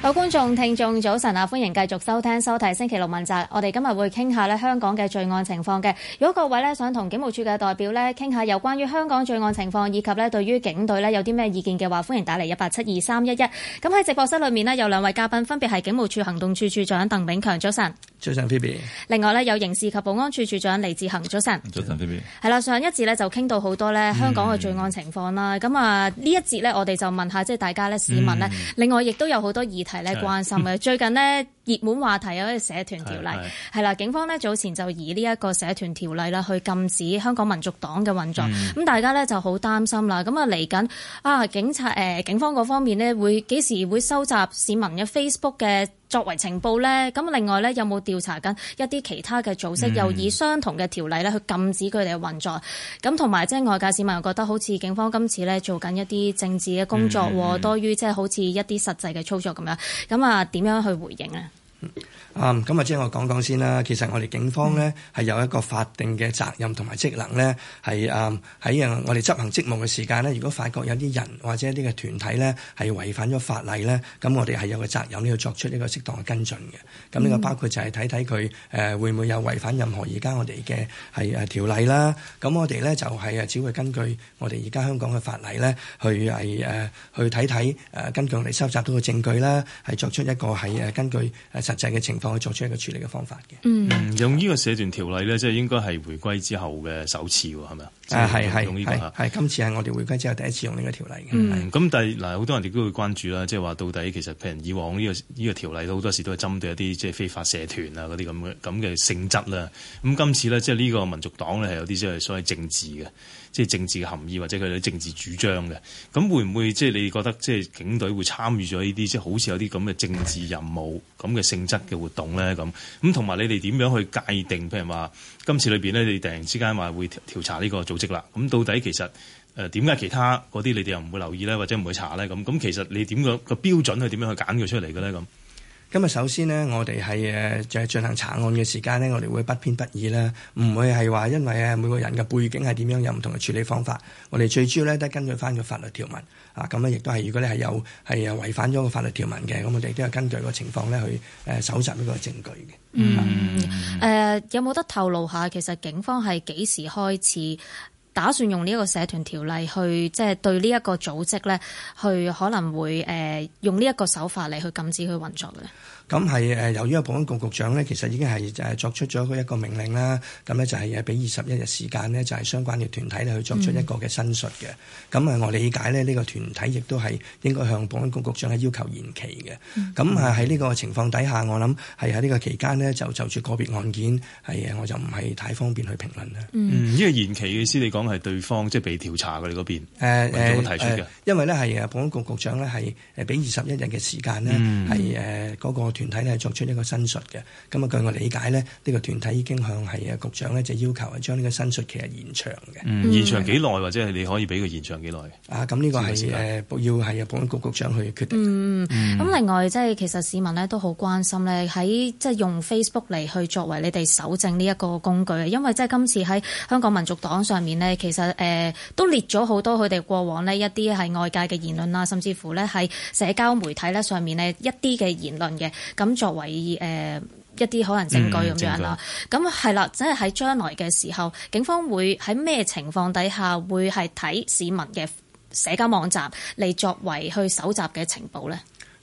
各位觀眾、聽眾，早晨啊！歡迎繼續收聽、收睇《星期六問責》。我哋今日會傾下咧香港嘅罪案情況嘅。如果各位咧想同警務處嘅代表咧傾下有關於香港罪案情況，以及咧對於警隊咧有啲咩意見嘅話，歡迎打嚟一八七二三一一。咁喺直播室裏面咧，有兩位嘉賓，分別係警務處行動處處長鄧炳強，早晨。早晨，P B。另外咧，有刑事及保安處處長李志恒，早晨。早晨，P B。係啦，上一節咧就傾到好多咧香港嘅罪案情況啦。咁、嗯、啊，呢一節咧，我哋就問下即係大家咧市民咧、嗯，另外亦都有好多議題咧關心嘅。最近呢熱門話題有一個社團條例係啦，警方咧早前就以呢一個社團條例啦去禁止香港民族黨嘅運作。咁、嗯、大家咧就好擔心啦。咁啊嚟緊啊，警察、呃、警方嗰方面呢，會幾時會收集市民嘅 Facebook 嘅，作為情報呢，咁另外呢，有冇調查緊一啲其他嘅組織，又以相同嘅條例呢去禁止佢哋嘅運作？咁同埋即係外界市民又覺得好似警方今次呢做緊一啲政治嘅工作，嗯嗯、多於即係好似一啲實際嘅操作咁樣。咁啊，點樣去回應呢？嗯啊，咁啊，即係我講講先啦。其實我哋警方咧係有一個法定嘅責任同埋職能咧，係啊喺啊我哋執行職務嘅時間咧，如果發覺有啲人或者一啲嘅團體咧係違反咗法例咧，咁我哋係有個責任咧要作出一個適當嘅跟進嘅。咁呢個包括就係睇睇佢誒會唔會有違反任何而家我哋嘅係誒條例啦。咁我哋咧就係啊只會根據我哋而家香港嘅法例咧去係誒去睇睇誒根據我哋收集到嘅證據啦，係作出一個係誒根據誒實際嘅情況。可以作出一個處理嘅方法嘅。嗯，用呢個社團條例咧，即係應該係回歸之後嘅首次喎，係咪啊？係係係。係、就係用呢個、今次係我哋回歸之後第一次用呢個條例嘅。咁、嗯嗯、但係嗱，好、呃、多人亦都會關注啦，即係話到底其實譬如以往呢、呢個呢、呢個條、呢個、例，好多時都係針對一啲即係非法社團啊嗰啲咁嘅咁嘅性質啦。咁今次咧，即係呢個民族黨咧係有啲即係所謂政治嘅。即係政治嘅含義或者佢哋政治主張嘅，咁會唔會即係、就是、你哋覺得即係、就是、警隊會參與咗呢啲，即、就、係、是、好似有啲咁嘅政治任務咁嘅性質嘅活動咧？咁咁同埋你哋點樣去界定？譬如話今次裏面咧，你哋突然之間話會調查呢個組織啦，咁到底其實誒點解其他嗰啲你哋又唔會留意咧，或者唔會查咧？咁咁其實你點個、個標準去點樣去揀佢出嚟嘅咧？咁？咁日首先呢，我哋係誒就係進行查案嘅時間呢，我哋會不偏不倚啦，唔會係話因為每個人嘅背景係點樣有唔同嘅處理方法。我哋最主要咧都係根據翻個法律條文啊。咁咧亦都係，如果你係有係啊違反咗個法律條文嘅，咁我哋都係根據個情況咧去誒搜集呢個證據嘅。嗯， 嗯、呃、有冇得透露下其實警方係幾時開始？打算用呢個社團條例去，即係對呢一個組織咧，去可能會誒用呢一個手法嚟去禁止佢運作嘅。咁係由於啊，保安局局長咧，其實已經係作出咗佢一個命令啦。咁咧就係俾二十一日時間呢，就係相關嘅團體去作出一個嘅申述嘅。咁、嗯、啊，我理解咧，呢個團體亦都係應該向保安局局長係要求延期嘅。咁、嗯、啊，喺呢個情況底下，我諗係喺呢個期間呢，就就住個別案件係，我就唔係太方便去評論啦。嗯，呢、嗯、個延期嘅意思，你講係對方即係、即係、被調查佢哋嗰邊提出嘅？誒、呃、誒、呃呃、因為咧係保安局局長咧係誒俾二十一日嘅時間咧，係、嗯、嗰、嗰個。團體咧作出呢個申述嘅，咁啊據我理解咧，呢、這個團體已經向係啊局長咧就要求係將呢個申述期係延長嘅、嗯。延長幾耐，或者係你可以俾佢延長幾耐？啊，咁呢個係誒要係啊保安局局長去決定。嗯，咁另外即係其實市民咧都好關心咧，喺即係用 Facebook 嚟去作為你哋搜證呢一個工具，因為即係今次喺香港民族黨上面呢，其實誒、呃、都列咗好多佢哋過往呢一啲係外界嘅言論啦，甚至乎呢喺社交媒體呢上面呢一啲嘅言論嘅。咁作為誒一啲可能證據咁樣啦，咁係啦，即係喺將來嘅時候，警方會喺咩情況底下會係睇市民嘅社交網站嚟作為去搜集嘅情報咧？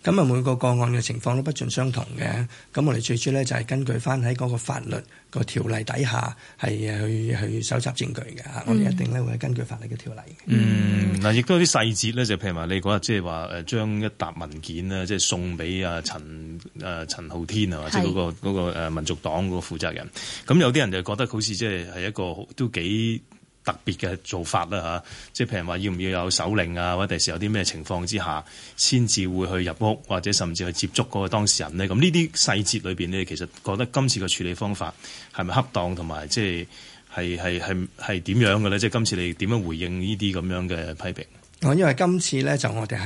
咁啊每個個案嘅情況都不盡相同嘅，咁我哋最主要咧就係根據翻喺嗰個法律個條例底下係去去蒐集證據嘅，我哋一定咧會根據法律嘅條例。嗯，嗱、嗯，亦、嗯啊、都有啲細節咧，就譬如話你講，即係話將一沓文件呢，即、就、係、是、送俾啊陳、呃、陳浩天啊，或者嗰個嗰、那個、民族黨嗰個負責人。咁有啲人就覺得好似即係係一個都幾。特別嘅做法啦嚇，即係譬如話要唔要有手令啊，或者第時有啲咩情況之下，先至會去入屋或者甚至去接觸嗰個當事人咧。咁呢啲細節裏邊咧，你其實覺得今次嘅處理方法係咪恰當同埋即係係係係係點樣嘅咧？即係今次你點樣回應呢啲咁樣嘅批評？因為今次咧就我哋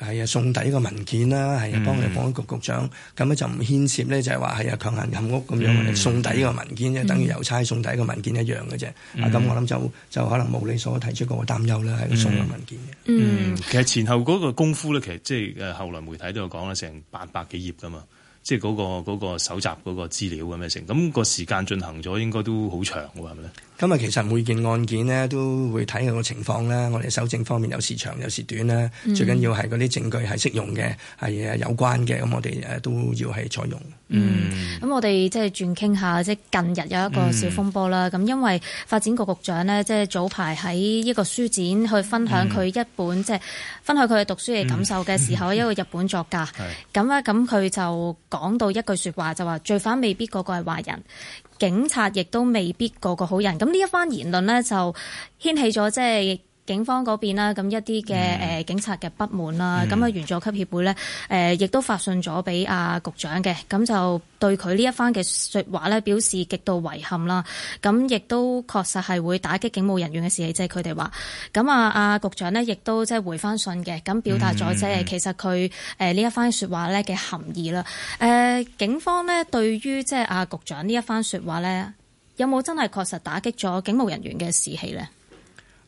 係送底個文件啦，係幫我哋保安局局長咁咧、嗯、就唔牽涉咧就係話係啊強行入屋咁樣，送底個文件啫、嗯，等於郵差送底個文件一樣嘅啫。咁、嗯啊、我諗就就可能冇你所提出個擔憂啦，係送個文件嘅、嗯。嗯，其實前後嗰個功夫咧，其實即係誒後來媒體都有講啦，成八百幾頁噶嘛，即係嗰個嗰、那個、搜集嗰個資料咁嘅成，咁、那個時間進行咗應該都好長嘅喎，係咪咧？今日其實每件案件呢都會睇個情況啦，我哋搜證方面有時長有時短啦，最緊要係嗰啲證據係適用嘅，係有關嘅，咁我哋都要係採用。嗯，咁我哋即係轉傾下，即係近日有一個小風波啦。咁、嗯、因為發展局局長呢，即係早排喺一個書展去分享佢一本即係、嗯就是、分享佢嘅讀書嘅感受嘅時候、嗯，一個日本作家。咁咁佢就講到一句說話，就話，罪犯未必個個係壞人。警察亦都未必個個好人，咁呢一番言論咧就掀起咗即係。警方嗰邊啦，咁一啲嘅、呃、警察嘅不滿啦，咁啊員佐級協會咧，亦、呃、都發信咗俾阿局長嘅，咁就對佢呢一番嘅說話咧表示極度遺憾啦。咁亦都確實係會打擊警務人員嘅士氣，即係佢哋話。咁啊，阿局長呢，亦都即係回翻信嘅，咁表達咗即係其實佢呢一番説話咧嘅含義啦、嗯嗯嗯呃。警方呢，對於即係阿局長呢一番説話咧，有冇真係確實打擊咗警務人員嘅士氣咧？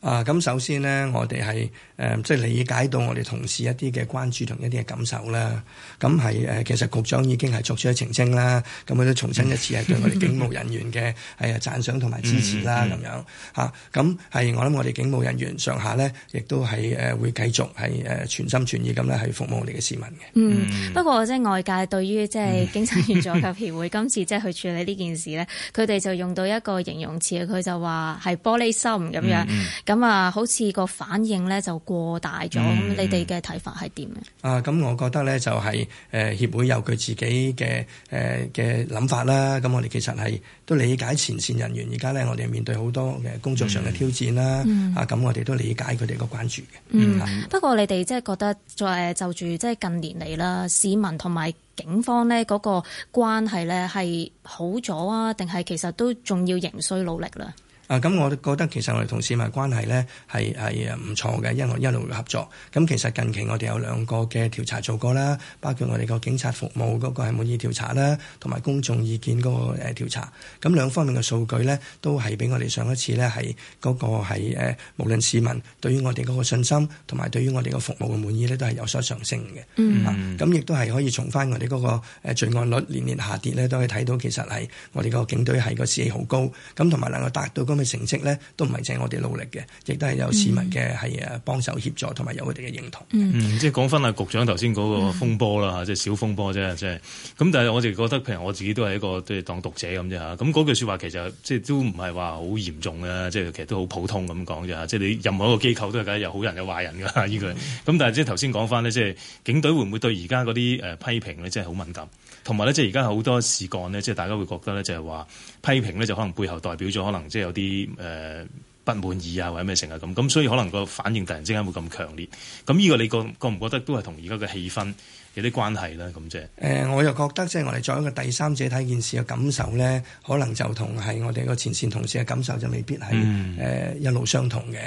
啊，咁首先呢，我哋係誒即係理解到我哋同事一啲嘅關注同一啲嘅感受啦。咁係其實局長已經係作出咗澄清啦。咁佢都重申一次係對我哋警務人員嘅係讚賞同埋支持啦。咁、 嗯嗯、樣咁係、啊、我諗我哋警務人員上下呢，亦都係誒會繼續係誒全心全意咁咧，去服務我哋嘅市民嘅、嗯。嗯，不過即係外界對於即係警察員佐級協會、嗯、今次即係去處理呢件事呢，佢 哋就用到一個形容詞，佢就話係玻璃心咁、嗯、樣。嗯咁啊，好似個反應咧就過大咗、嗯，你哋嘅睇法係點咧？啊，咁我覺得咧就係誒協會有佢自己嘅誒嘅諗法啦。咁我哋其實係都理解前線人員而家咧，我哋面對好多嘅工作上嘅挑戰啦、嗯。啊，咁我哋都理解佢哋個關注嘅。嗯，不過你哋即係覺得再就住即係近年嚟啦，市民同埋警方呢嗰個關係咧係好咗啊？定係其實都仲要仍需努力啦？啊，咁我覺得其實我哋同市民關係咧係係唔錯嘅，因為一路合作。咁其實近期我哋有兩個嘅調查做過啦，包括我哋個警察服務嗰個係滿意調查啦，同埋公眾意見嗰個誒調查。咁兩方面嘅數據咧，都係俾我哋上一次咧係嗰個係誒，無論市民對於我哋嗰個信心同埋對於我哋個服務嘅滿意咧，都係有所上升嘅。咁亦都係可以從翻我哋嗰個誒罪案率年年下跌咧，都可以睇到其實係我哋個警隊係個士氣好高，咁同埋能夠達到、那個成績咧都唔係淨係我哋努力嘅，亦都係有市民嘅係幫手協助，同、嗯、埋有佢哋嘅認同。嗯，即係講翻阿局長頭先嗰個風波啦、嗯，即係小風波啫，即係。咁但係我哋覺得，譬如我自己都係一個即係當讀者咁啫嚇。咁嗰句說話其實即係都唔係話好嚴重嘅，即係其實都好普通咁講啫嚇。即係你任何一個機構都係梗係有好人有壞人㗎呢、嗯、句。咁但係即係頭先講翻咧，即係警隊會唔會對而家嗰啲批評咧，即係好敏感？同埋咧，即係而家好多事幹呢，即係大家會覺得咧，就係話批評咧，就可能背後代表咗可能即係有啲誒、呃、不滿意啊，或者咩成啊咁，咁所以可能個反應突然之間會咁強烈。咁呢個你覺覺唔覺得都係同而家嘅氣氛？有啲關係啦，咁啫、就是呃。我又覺得即係我哋作為一個第三者睇件事嘅感受咧，可能就同係我哋個前線同事嘅感受就未必係、嗯呃、一路相同嘅。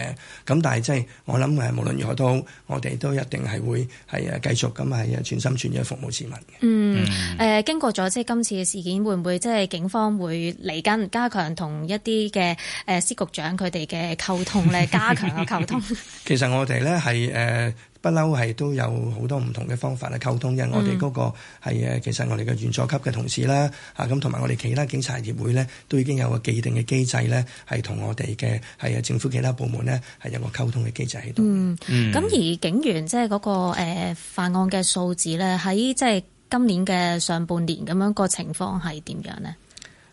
咁但係即係我諗誒，無論如何都好，我哋都一定係會係誒繼續咁係啊，全心全意服務市民。嗯。誒、呃，經過咗即係今次嘅事件，會唔會即係警方會嚟緊加強同一啲嘅、呃、司局長佢哋嘅溝通咧？加強嘅溝通。 其實我哋咧係誒。不嬲係都有好多唔同嘅方法咧，溝通因為，我哋嗰個係其實我哋嘅員佐級嘅同事啦，嚇咁同埋我哋其他警察協會咧，都已經有個既定嘅機制咧，係同我哋嘅係啊政府其他部門咧係有個溝通嘅機制喺度。嗯，咁、嗯、而警員即係嗰個、呃、犯案嘅數字咧，喺即係今年嘅上半年咁樣個情況係點樣咧？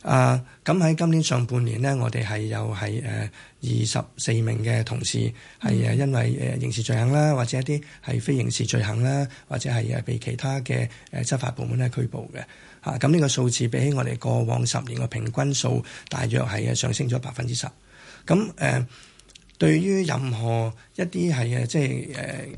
啊！咁喺今年上半年呢，我哋係有係誒二十四名嘅同事係因為誒刑事罪行啦，或者一啲係非刑事罪行啦，或者係被其他嘅誒執法部門咧拘捕嘅嚇。咁呢個數字比起我哋過往十年嘅平均數，大約係上升咗百分之十。咁誒、啊，對於任何一啲係即係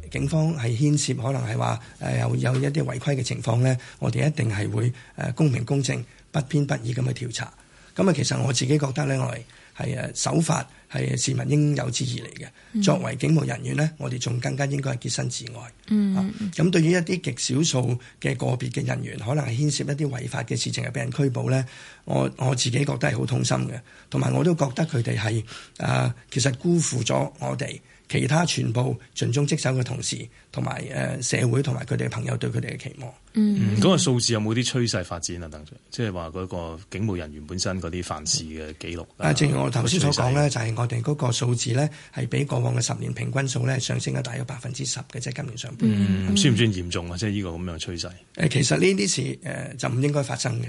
誒警方係牽涉，可能係話有有一啲違規嘅情況咧，我哋一定係會誒公平公正。不偏不倚咁去調查，咁啊其實我自己覺得咧，我哋係誒守法係市民應有之義嚟嘅。作為警務人員咧，我哋仲更加應該係潔身自愛。嗯，咁、啊、對於一啲極少數嘅個別嘅人員，可能係牽涉一啲違法嘅事情，係畀人拘捕咧，我我自己覺得係好痛心嘅，同埋我都覺得佢哋係誒其實辜負咗我哋。其他全部盡忠職守嘅同事，同埋誒社會同埋佢哋嘅朋友對佢哋嘅期望。嗯，嗰、那個數字有冇啲趨勢發展啊？等住，即係話嗰個警務人員本身嗰啲犯事嘅記錄。啊、嗯，正如我頭先所講咧，就係、是、我哋嗰個數字咧，係比過往嘅十年平均數咧上升嘅，大約百分之十嘅，即係今年上半年嗯，嗯，算唔算嚴重啊？即係呢個咁樣趨勢？誒，其實呢啲事誒、呃、就唔應該發生嘅。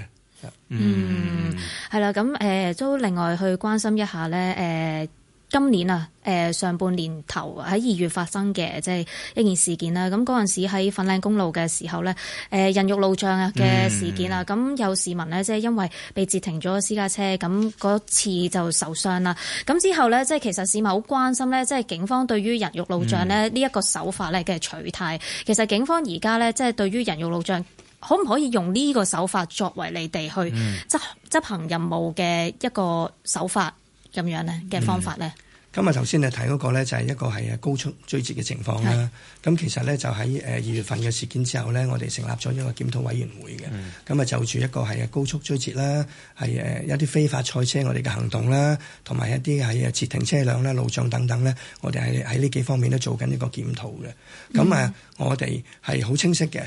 嗯，係、嗯、啦，咁誒都另外去關心一下咧誒。呃今年啊，誒上半年頭喺二月發生嘅即係一件事件啦。咁嗰陣時喺粉嶺公路嘅時候呢，誒人肉路障啊嘅事件啊，咁、嗯、有市民呢，即係因為被截停咗私家車，咁嗰次就受傷啦。咁之後呢，即係其實市民好關心呢，即係警方對於人肉路障呢呢一個手法呢嘅取態。嗯。其實警方而家呢，即係對於人肉路障可唔可以用呢個手法作為你哋去執執行任務嘅一個手法？咁樣咧嘅方法咧，今日頭先你睇嗰個咧就係一個係高速追截嘅情況啦。咁其實咧就喺二月份嘅事件之後咧，我哋成立咗一個檢討委員會嘅。咁、嗯、啊就住一個係高速追截啦，係誒一啲非法賽車我哋嘅行動啦，同埋一啲係截停車輛啦、路障等等咧，我哋係喺呢幾方面都做緊一個檢討嘅。咁、嗯、啊，我哋係好清晰嘅，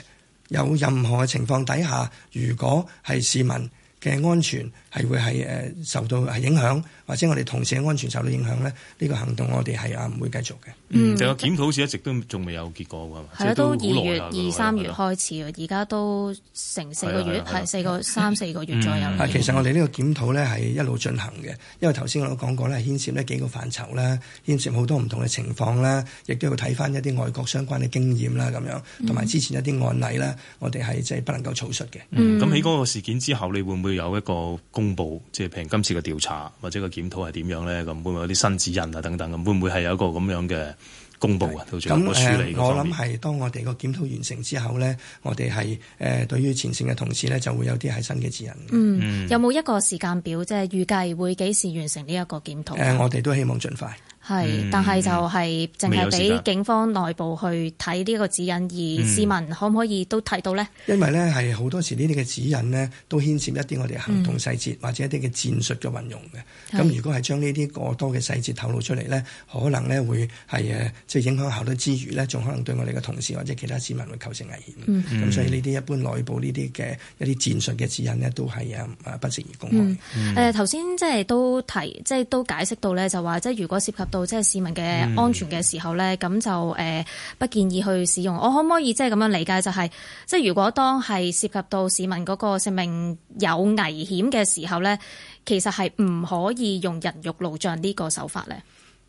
有任何嘅情況底下，如果係市民嘅安全係會係誒受到係影響，或者我哋同事嘅安全受到影響咧，呢、這個行動我哋係啊唔會繼續嘅。嗯，嗯，就個檢討好似一直都仲未有結果㗎嘛，係啊，都二月二三月開始啊，而家都成四個月，係四個三四個月左右，嗯嗯嗯。其實我哋呢個檢討咧係一路進行嘅，因為頭先我都講過咧，牽涉呢幾個範疇啦，牽涉好多唔同嘅情況啦，亦都要睇翻一啲外國相關嘅經驗啦，咁樣同埋、嗯、之前一啲案例啦，我哋係即係不能夠草率嘅。咁喺嗰個事件之後，你會唔會有一個公佈，即、就、係、是、譬如今次嘅調查或者個檢討係點樣咧？咁會唔會有啲新指引啊等等？咁會唔會係有一個咁樣嘅？公布啊！到最後個梳理嗰方面、嗯、我諗係當我哋個檢討完成之後咧，我哋係誒對於前線嘅同事咧，就會有啲係新嘅指引嘅。嗯，有冇一個時間表，即係預計會幾時完成呢一個檢討？誒、嗯，我哋都希望盡快。係，但係就係淨係俾警方內部去睇呢個指引，而市民可唔可以都睇到呢？因為呢係好多時呢啲嘅指引呢都牽涉一啲我哋行動細節或者一啲嘅戰術嘅運用嘅。咁如果係將呢啲過多嘅細節透露出嚟呢，可能呢會係誒即係影響效率之餘呢，仲可能對我哋嘅同事或者其他市民會構成危險。咁、嗯、所以呢啲一般內部呢啲嘅一啲戰術嘅指引呢，都係不適宜公開。誒頭先即係都提，即係都解釋到呢，就話即係如果涉及到。即係市民嘅安全嘅時候呢，咁、嗯、就誒、呃、不建議去使用。我可唔可以即係咁樣理解、就係？就係即係如果當係涉及到市民嗰個性命有危險嘅時候呢，其實係唔可以用人肉路障呢個手法呢？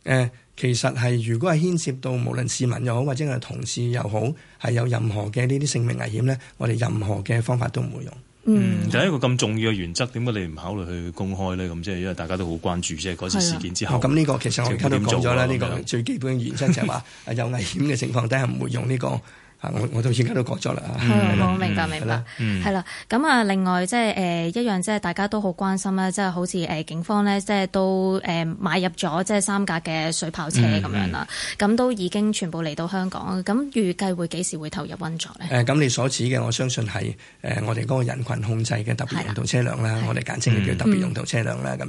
誒、呃，其實係如果係牽涉到無論市民又好或者係同事又好，係有任何嘅呢啲性命危險呢，我哋任何嘅方法都唔會用。嗯，嗯，就係一個咁重要嘅原則，點解你唔考慮去公開咧？咁即係因為大家都好關注啫。嗰次事件之後，咁呢、嗯、個其實我哋都做咗啦。呢、呢個最基本嘅原則就係話， 有危險嘅情況底下唔會用呢、呢個。我我都而家都講咗啦，係、mm -hmm.，我明白明白，係啦。咁啊，mm -hmm. 另外即係、呃、一樣，即係大家都好關心啦、就是呃，即係好似誒警方咧，即係都誒買入咗即係三架嘅水炮車咁、mm -hmm. 樣啦。咁都已經全部嚟到香港，咁預計會幾時會投入運作咧？誒、呃，咁你所指嘅，我相信係誒、呃、我哋嗰個人群控制嘅特別用途車輛啦，我哋簡稱嘅叫特別用途車輛啦，咁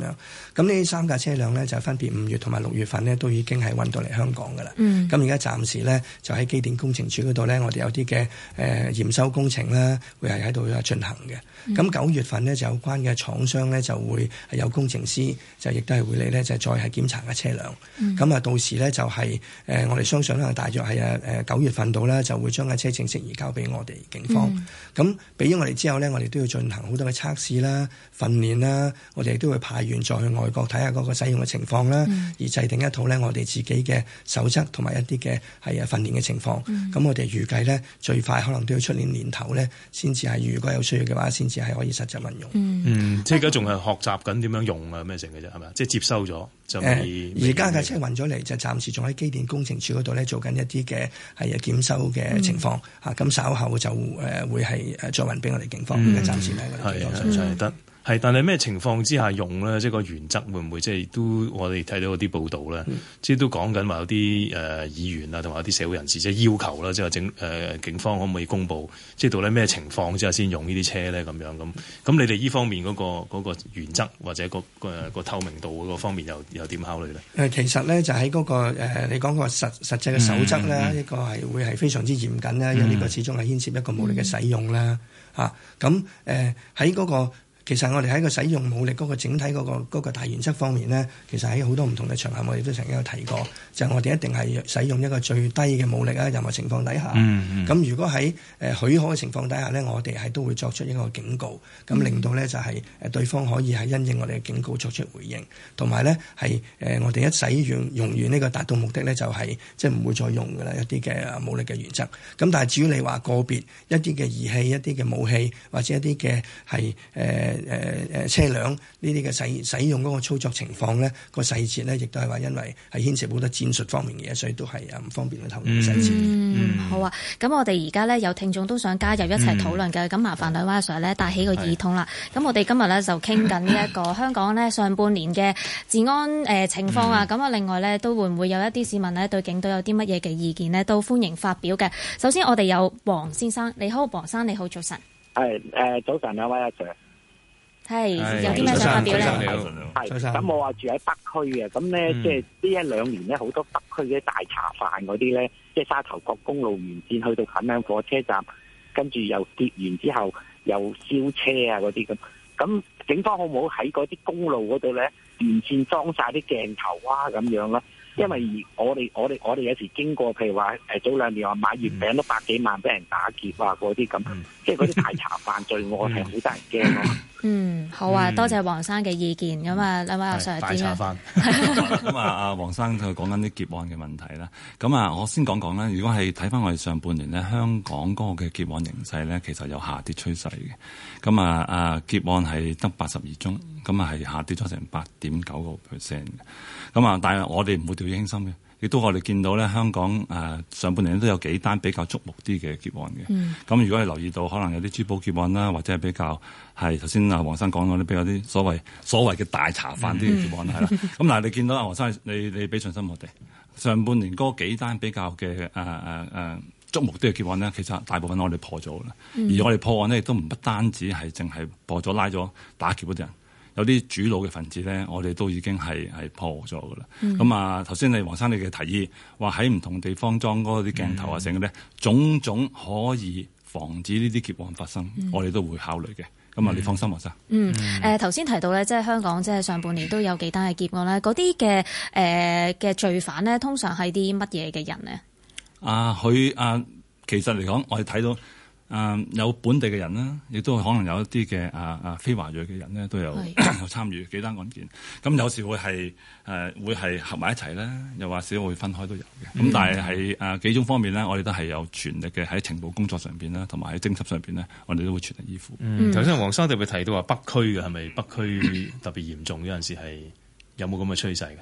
咁呢三架車輛呢，就分別五月同埋六月份呢，都已經係運到嚟香港噶啦。咁而家暫時呢，就喺機電工程署嗰度呢。我哋有啲嘅誒驗收工程啦，會係喺度進行嘅。咁、嗯、九月份呢，就有關嘅廠商呢，就會係有工程師，就亦都係會嚟呢，就再係檢查嘅車輛。咁、嗯、啊，到時呢，就係、是、誒、呃，我哋相信可能大約係啊，誒九月份度啦，就會將架車正式移交俾我哋警方。咁俾咗我哋之後呢，我哋都要進行好多嘅測試啦、訓練啦。我哋都會派員再去外國睇下嗰個使用嘅情況啦、嗯，而制定一套呢，我哋自己嘅守則同埋一啲嘅係啊訓練嘅情況。咁、嗯、我哋如計咧最快可能都要出年年頭咧，先至係如果有需要嘅話，先至係可以實際運用。嗯，即係而家仲係學習緊點樣用啊？咩成嘅啫，係咪啊？即係接收咗就未、而家架車運咗嚟、嗯、就暫時仲喺機電工程署嗰度咧做緊一啲嘅係啊檢修嘅情況嚇，咁、嗯啊、稍後就誒會係誒、呃、再運俾我哋警方。咁、嗯、啊，得。係，但係咩情況之下用咧？即係個原則會唔會即係都我哋睇到嗰啲報道咧、嗯，即係都講緊話有啲誒議員啊，同埋有啲社會人士即係要求啦，即係整誒、呃、警方可唔可以公布，即係到底咩情況之下先用呢啲車咧咁樣咁？咁你哋呢方面嗰、嗰個嗰個原則或者、嗰個個、呃、透明度嗰個方面又又點考慮咧？誒，其實咧就喺、是、嗰、嗰個、呃、你講個實實際嘅守則咧，呢、嗯嗯呢個係會係非常之嚴謹啦、嗯，因為呢個始終係牽涉一個武力嘅使用啦。嚇咁誒喺嗰個。其實我哋喺個使用武力嗰個整體嗰個大原則方面呢，其實喺好多唔同嘅場合，我哋都曾經有提過，就係、是、我哋一定係使用一個最低嘅武力啊，任何情況底下。嗯嗯。咁如果喺誒許可嘅情況底下呢，我哋係都會作出一個警告，咁令到呢就係誒對方可以係因應我哋嘅警告作出回應，同埋呢係誒我哋一使用用完呢個達到目的呢、就是，就係即係唔會再用嘅啦一啲嘅武力嘅原則。咁但係至於你話個別一啲嘅儀器、一啲嘅武器或者一啲嘅係誒誒誒誒，車輛呢啲嘅使使用嗰個操作情況呢，個細節呢亦都係話因為係牽涉好多戰術方面嘅嘢，所以都係啊唔方便去討論細節。嗯，好啊，咁我哋而家呢，有聽眾都想加入一齊討論嘅，咁、嗯、麻煩兩位阿 Sir 呢，戴起個耳筒啦。咁我哋今日呢，就傾緊呢一個香港呢 上半年嘅治安誒情況啊。咁、嗯、啊，咁另外呢，都會唔會有一啲市民呢對警隊有啲乜嘢嘅意見呢？都歡迎發表嘅。首先我哋有黃先生，你好，黃生你好，早晨。係、hey, 誒、uh,，早晨啊，兩位阿 Sir。係，有啲咩想咁，我話住喺北區嘅咁呢、嗯、即係呢一兩年呢，好多北區嘅大茶飯嗰啲呢，即係沙頭角公路沿線去到粉嶺火車站，跟住又跌完之後又燒車啊嗰啲咁。咁警方好唔好喺嗰啲公路嗰度，呢沿線裝晒啲鏡頭啊咁樣咯？因為我哋我哋我哋有時經過，譬如話、呃、早兩年話買月餅都百幾萬俾人打劫啊嗰啲咁，即係嗰啲大茶飯罪案係好得人驚 嗯，好啊，嗯、多謝黃生嘅意見咁啊，兩位上邊大咁啊，阿 黃生就講緊啲劫案嘅問題啦。咁啊，我先講講啦。如果係睇翻我哋上半年咧，香港嗰個嘅劫案形勢咧，其實有下跌趨勢嘅。咁啊啊，劫案係得八十二宗，咁啊係下跌咗成八點九個 percent 咁啊，但係我哋唔會掉以輕心嘅。亦都我哋見到咧，香港誒、呃、上半年都有幾單比較觸目啲嘅劫案嘅。咁、嗯、如果你留意到，可能有啲珠寶劫案啦，或者係比較係頭先阿黃生講嗰啲比較啲所謂所謂嘅大茶飯啲劫案係啦。咁、嗯、嗱， 但你見到阿黃生，你你俾信心我哋。上半年嗰幾單比較嘅誒誒誒觸目啲嘅劫案咧，其實大部分我哋破咗啦、嗯。而我哋破案咧，亦都唔不單止係淨係破咗拉咗打劫嗰啲人。有啲主腦嘅分子咧，我哋都已經係係破咗噶啦。咁、嗯、啊，頭先你黃生你嘅提議，話喺唔同地方裝嗰啲鏡頭啊、嗯，成嘅啲種種可以防止呢啲劫案發生，嗯、我哋都會考慮嘅。咁、嗯、啊，你放心，黃、嗯、生。嗯，誒頭先提到咧，即係香港即係上半年都有幾單嘅劫案咧，嗰啲嘅誒嘅罪犯咧，通常係啲乜嘢嘅人呢？啊，佢啊，其實嚟講，我哋睇到。誒、呃、有本地嘅人啦，亦都可能有一啲嘅誒非華裔嘅人咧都有，有參與幾單案件，咁有時會係誒、呃、會係合埋一齊咧，又或者會分開都有嘅。咁、嗯、但係喺誒幾種方面咧，我哋都係有全力嘅喺情報工作上面啦，同埋喺偵察上面咧，我哋都會全力以赴。頭、嗯、先黃生你咪提到話北區嘅，係咪北區特別嚴重？有陣時係有冇咁嘅趨勢嘅？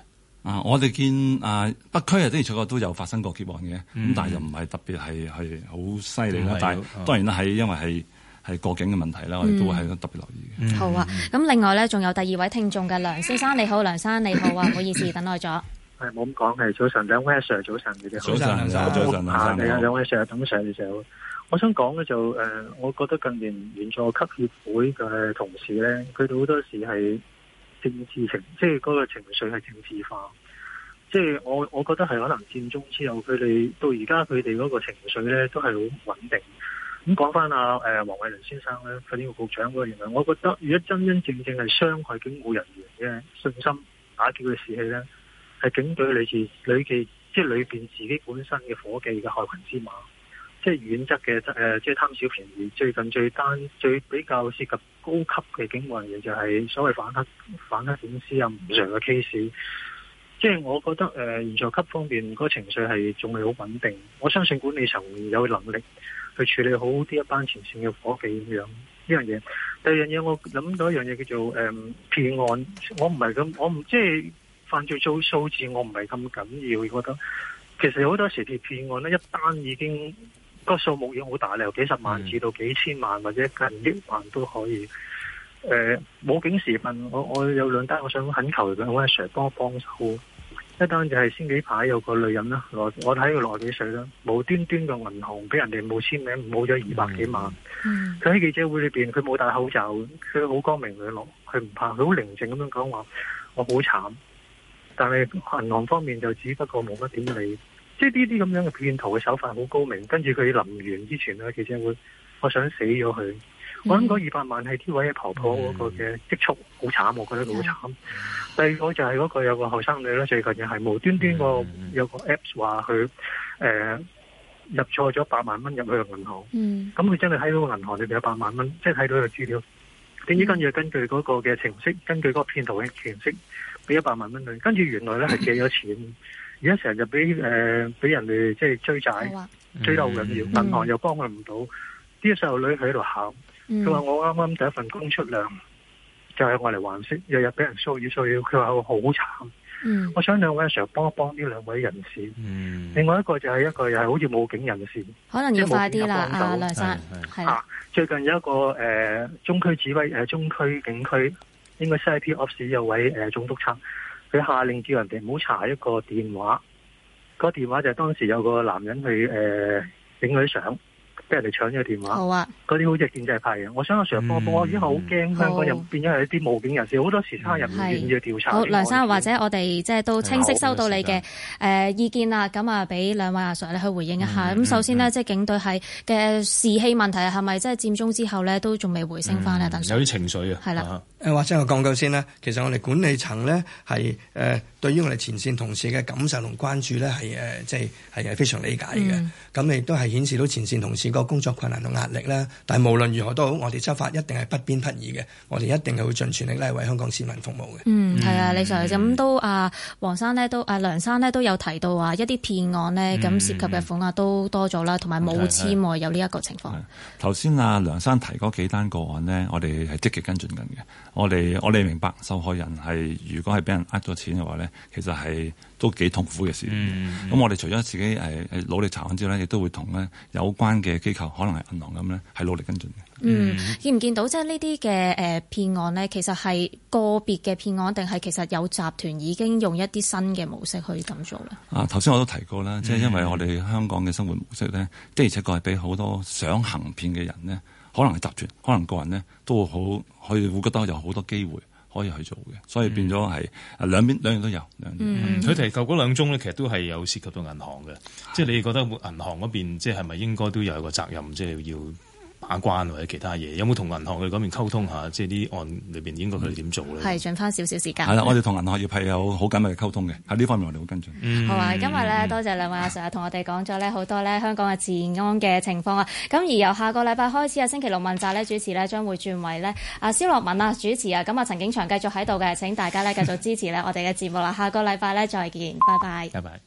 啊！我哋見啊北區啊的確都有發生過劫案嘅，咁、嗯、但係又唔係特別係係好犀利啦。但係當然啦，因為係係過境嘅問題啦，我哋都會喺特別留意嘅、嗯嗯。好啊！咁另外咧，仲有第二位聽眾嘅梁先生，你好，梁生你好啊！唔好意思等耐咗。係冇咁講，係、嗯嗯嗯、早晨兩、啊啊啊、位 Sir 早晨，早晨早晨早晨啊！兩位鄧 Sir 嘅時候，我想講嘅就誒、是呃，我覺得近年援助吸業會嘅同事咧，佢哋好多時係。政治情，即係嗰個情緒係政治化，即係我我覺得係可能佔中之後，佢哋到而家佢哋嗰個情緒咧都係好穩定。咁講翻阿誒黃偉倫先生咧，佢呢局局長嗰個言論，我覺得如果真真正正係傷害警務人員嘅信心，打擊佢士氣咧，係警隊裏邊裏邊即係裏邊自己本身嘅伙計嘅害群之馬。即係原則嘅，誒、呃，即係貪小便宜。最近最單最比較涉及高級嘅警務人員就係所謂反黑反黑警司有唔常嘅 case。即係我覺得誒，現、呃、在級方面嗰、那個情緒係仲未好穩定。我相信管理層有能力去處理好啲一,一班前線嘅伙計咁樣呢樣嘢。第二樣嘢我諗到一樣嘢叫做誒騙、呃、案。我唔係咁，我唔即係犯罪做數字，我唔係咁緊要。我覺得其實好多時啲騙案咧一單已經。個數目已經好大，由幾十萬至到幾千萬、嗯、或者近億萬都可以。誒、呃，冇警時份我，我有兩單，我想懇求佢。嗯、幫我阿 Sir 幫幫手。一單就係先幾排有個女人啦，我睇佢六十幾歲啦，無端端嘅銀行俾人哋冇簽名，冇咗二百幾萬。嗯，佢、嗯、喺記者會裏邊，佢冇戴口罩，佢好光明佢落，佢唔怕，佢好寧靜咁樣講話，我好慘。但係銀行方面就只不過冇乜點理。即係呢啲咁樣嘅騙徒嘅手法好高明，跟住佢臨完之前咧，記者會我想死咗佢。Mm -hmm. 我諗嗰二百萬係呢位婆婆嗰個嘅積蓄，好、mm -hmm. 慘，我覺得佢好慘。Mm -hmm. 第二個就係嗰個有個後生女咧，最近又係無端端有個有個 Apps 話佢誒、呃、入錯咗八萬蚊入去銀行。咁、mm、佢 -hmm. 真係睇到個銀行裏邊有百萬蚊，即係睇到佢資料。點知跟住根據嗰個嘅程式，根據嗰個騙徒嘅程式，俾一百萬蚊佢。跟住原來咧係借咗錢。Mm -hmm. 而家成日就俾誒俾人哋即係追債、啊、追到緊，要、嗯、銀行又幫佢唔到，啲細路女喺度喊。佢、嗯、話我啱啱第一份工出糧，就係外嚟還息，日日俾人騷擾騷擾。佢話好慘、嗯。我想兩位 Sir 幫一幫呢兩位人士、嗯。另外一個就係一個又係好似武警人士，可能要快啲啦，阿、啊、梁先生。啊，最近有一個誒、呃、中區指揮誒、呃、中區警區，應該 C I P Ops 有位誒總、呃、督察。佢下令叫人哋唔好查一個電話，個電話就係當時有個男人去誒影佢相。呃俾人哋搶咗電話，好啊！嗰啲好似係建制派嘅，我想阿 Sir 波波已經好驚香港入變咗係一啲武警人士，好多時差人唔願意去調查。好，梁生，或者我哋即係都清晰收到你嘅誒意見啦。咁啊，俾兩位阿 Sir 你去回應一下。咁、嗯、首先呢，即、嗯、係、嗯就是、警隊係嘅士氣問題係咪即係佔中之後呢都仲未回升返呢、嗯？等，等有啲情緒啊，係、啊、啦。誒，或者我講夠先啦。其實我哋管理層呢係誒、呃、對於我哋前線同事嘅感受同關注呢係誒即係係係非常理解嘅。咁、嗯、亦都係顯示到前線同事。工作困難同壓力啦，但係無論如何都好，我哋執法一定係不偏不倚嘅，我哋一定係會盡全力咧為香港市民服務嘅。嗯，係啊，李 Sir 咁都啊，黃生呢，都啊，梁生呢，都有提到話。一啲騙案呢，咁、嗯、涉及嘅款額都多咗啦，同埋冇簽外有呢一個情況。頭先啊，梁生提嗰幾單個案呢，我哋係積極跟進緊嘅。我哋我哋明白受害人係如果係俾人呃咗錢嘅話呢，其實係，都幾痛苦嘅事。咁、嗯、我哋除咗自己努力查案之外呢，亦都會同有關嘅機構，可能係銀行咁呢，係努力跟進嘅。嗯，見唔見到即係呢啲嘅誒騙案呢，其實係個別嘅騙案，定係其實有集團已經用一啲新嘅模式去咁做咧、嗯？啊，頭先我都提過啦，即、嗯、係因為我哋香港嘅生活模式呢，的而且確係俾好多想行騙嘅人呢，可能係集團，可能個人呢，都好可以會覺得有好多機會。可以去做嘅，所以變咗係兩邊兩樣都有。佢、嗯、提及嗰兩宗咧，其實都係有涉及到銀行嘅，即、啊、係你哋覺得銀行嗰邊即係係咪應該都有一個責任，即、就、係、是、要？關或者其他嘢，有冇同銀行佢嗰邊溝通下？即係啲案裏面應該佢點做咧？係盡翻少少時間。係啦，我哋同銀行亦係有好緊密嘅溝通嘅喺呢方面，我哋會跟進。嗯、好啊，今日咧、嗯、多謝兩位阿 Sir 今日同我哋講咗咧好多咧香港嘅治安嘅情況啊。咁而由下個禮拜開始啊，星期六問責咧主持咧將會轉為咧阿蕭樂文啊主持啊。咁啊，陳景祥繼續喺度嘅，請大家咧繼續支持咧我哋嘅節目啦。 下個禮拜咧再見，拜拜。拜拜。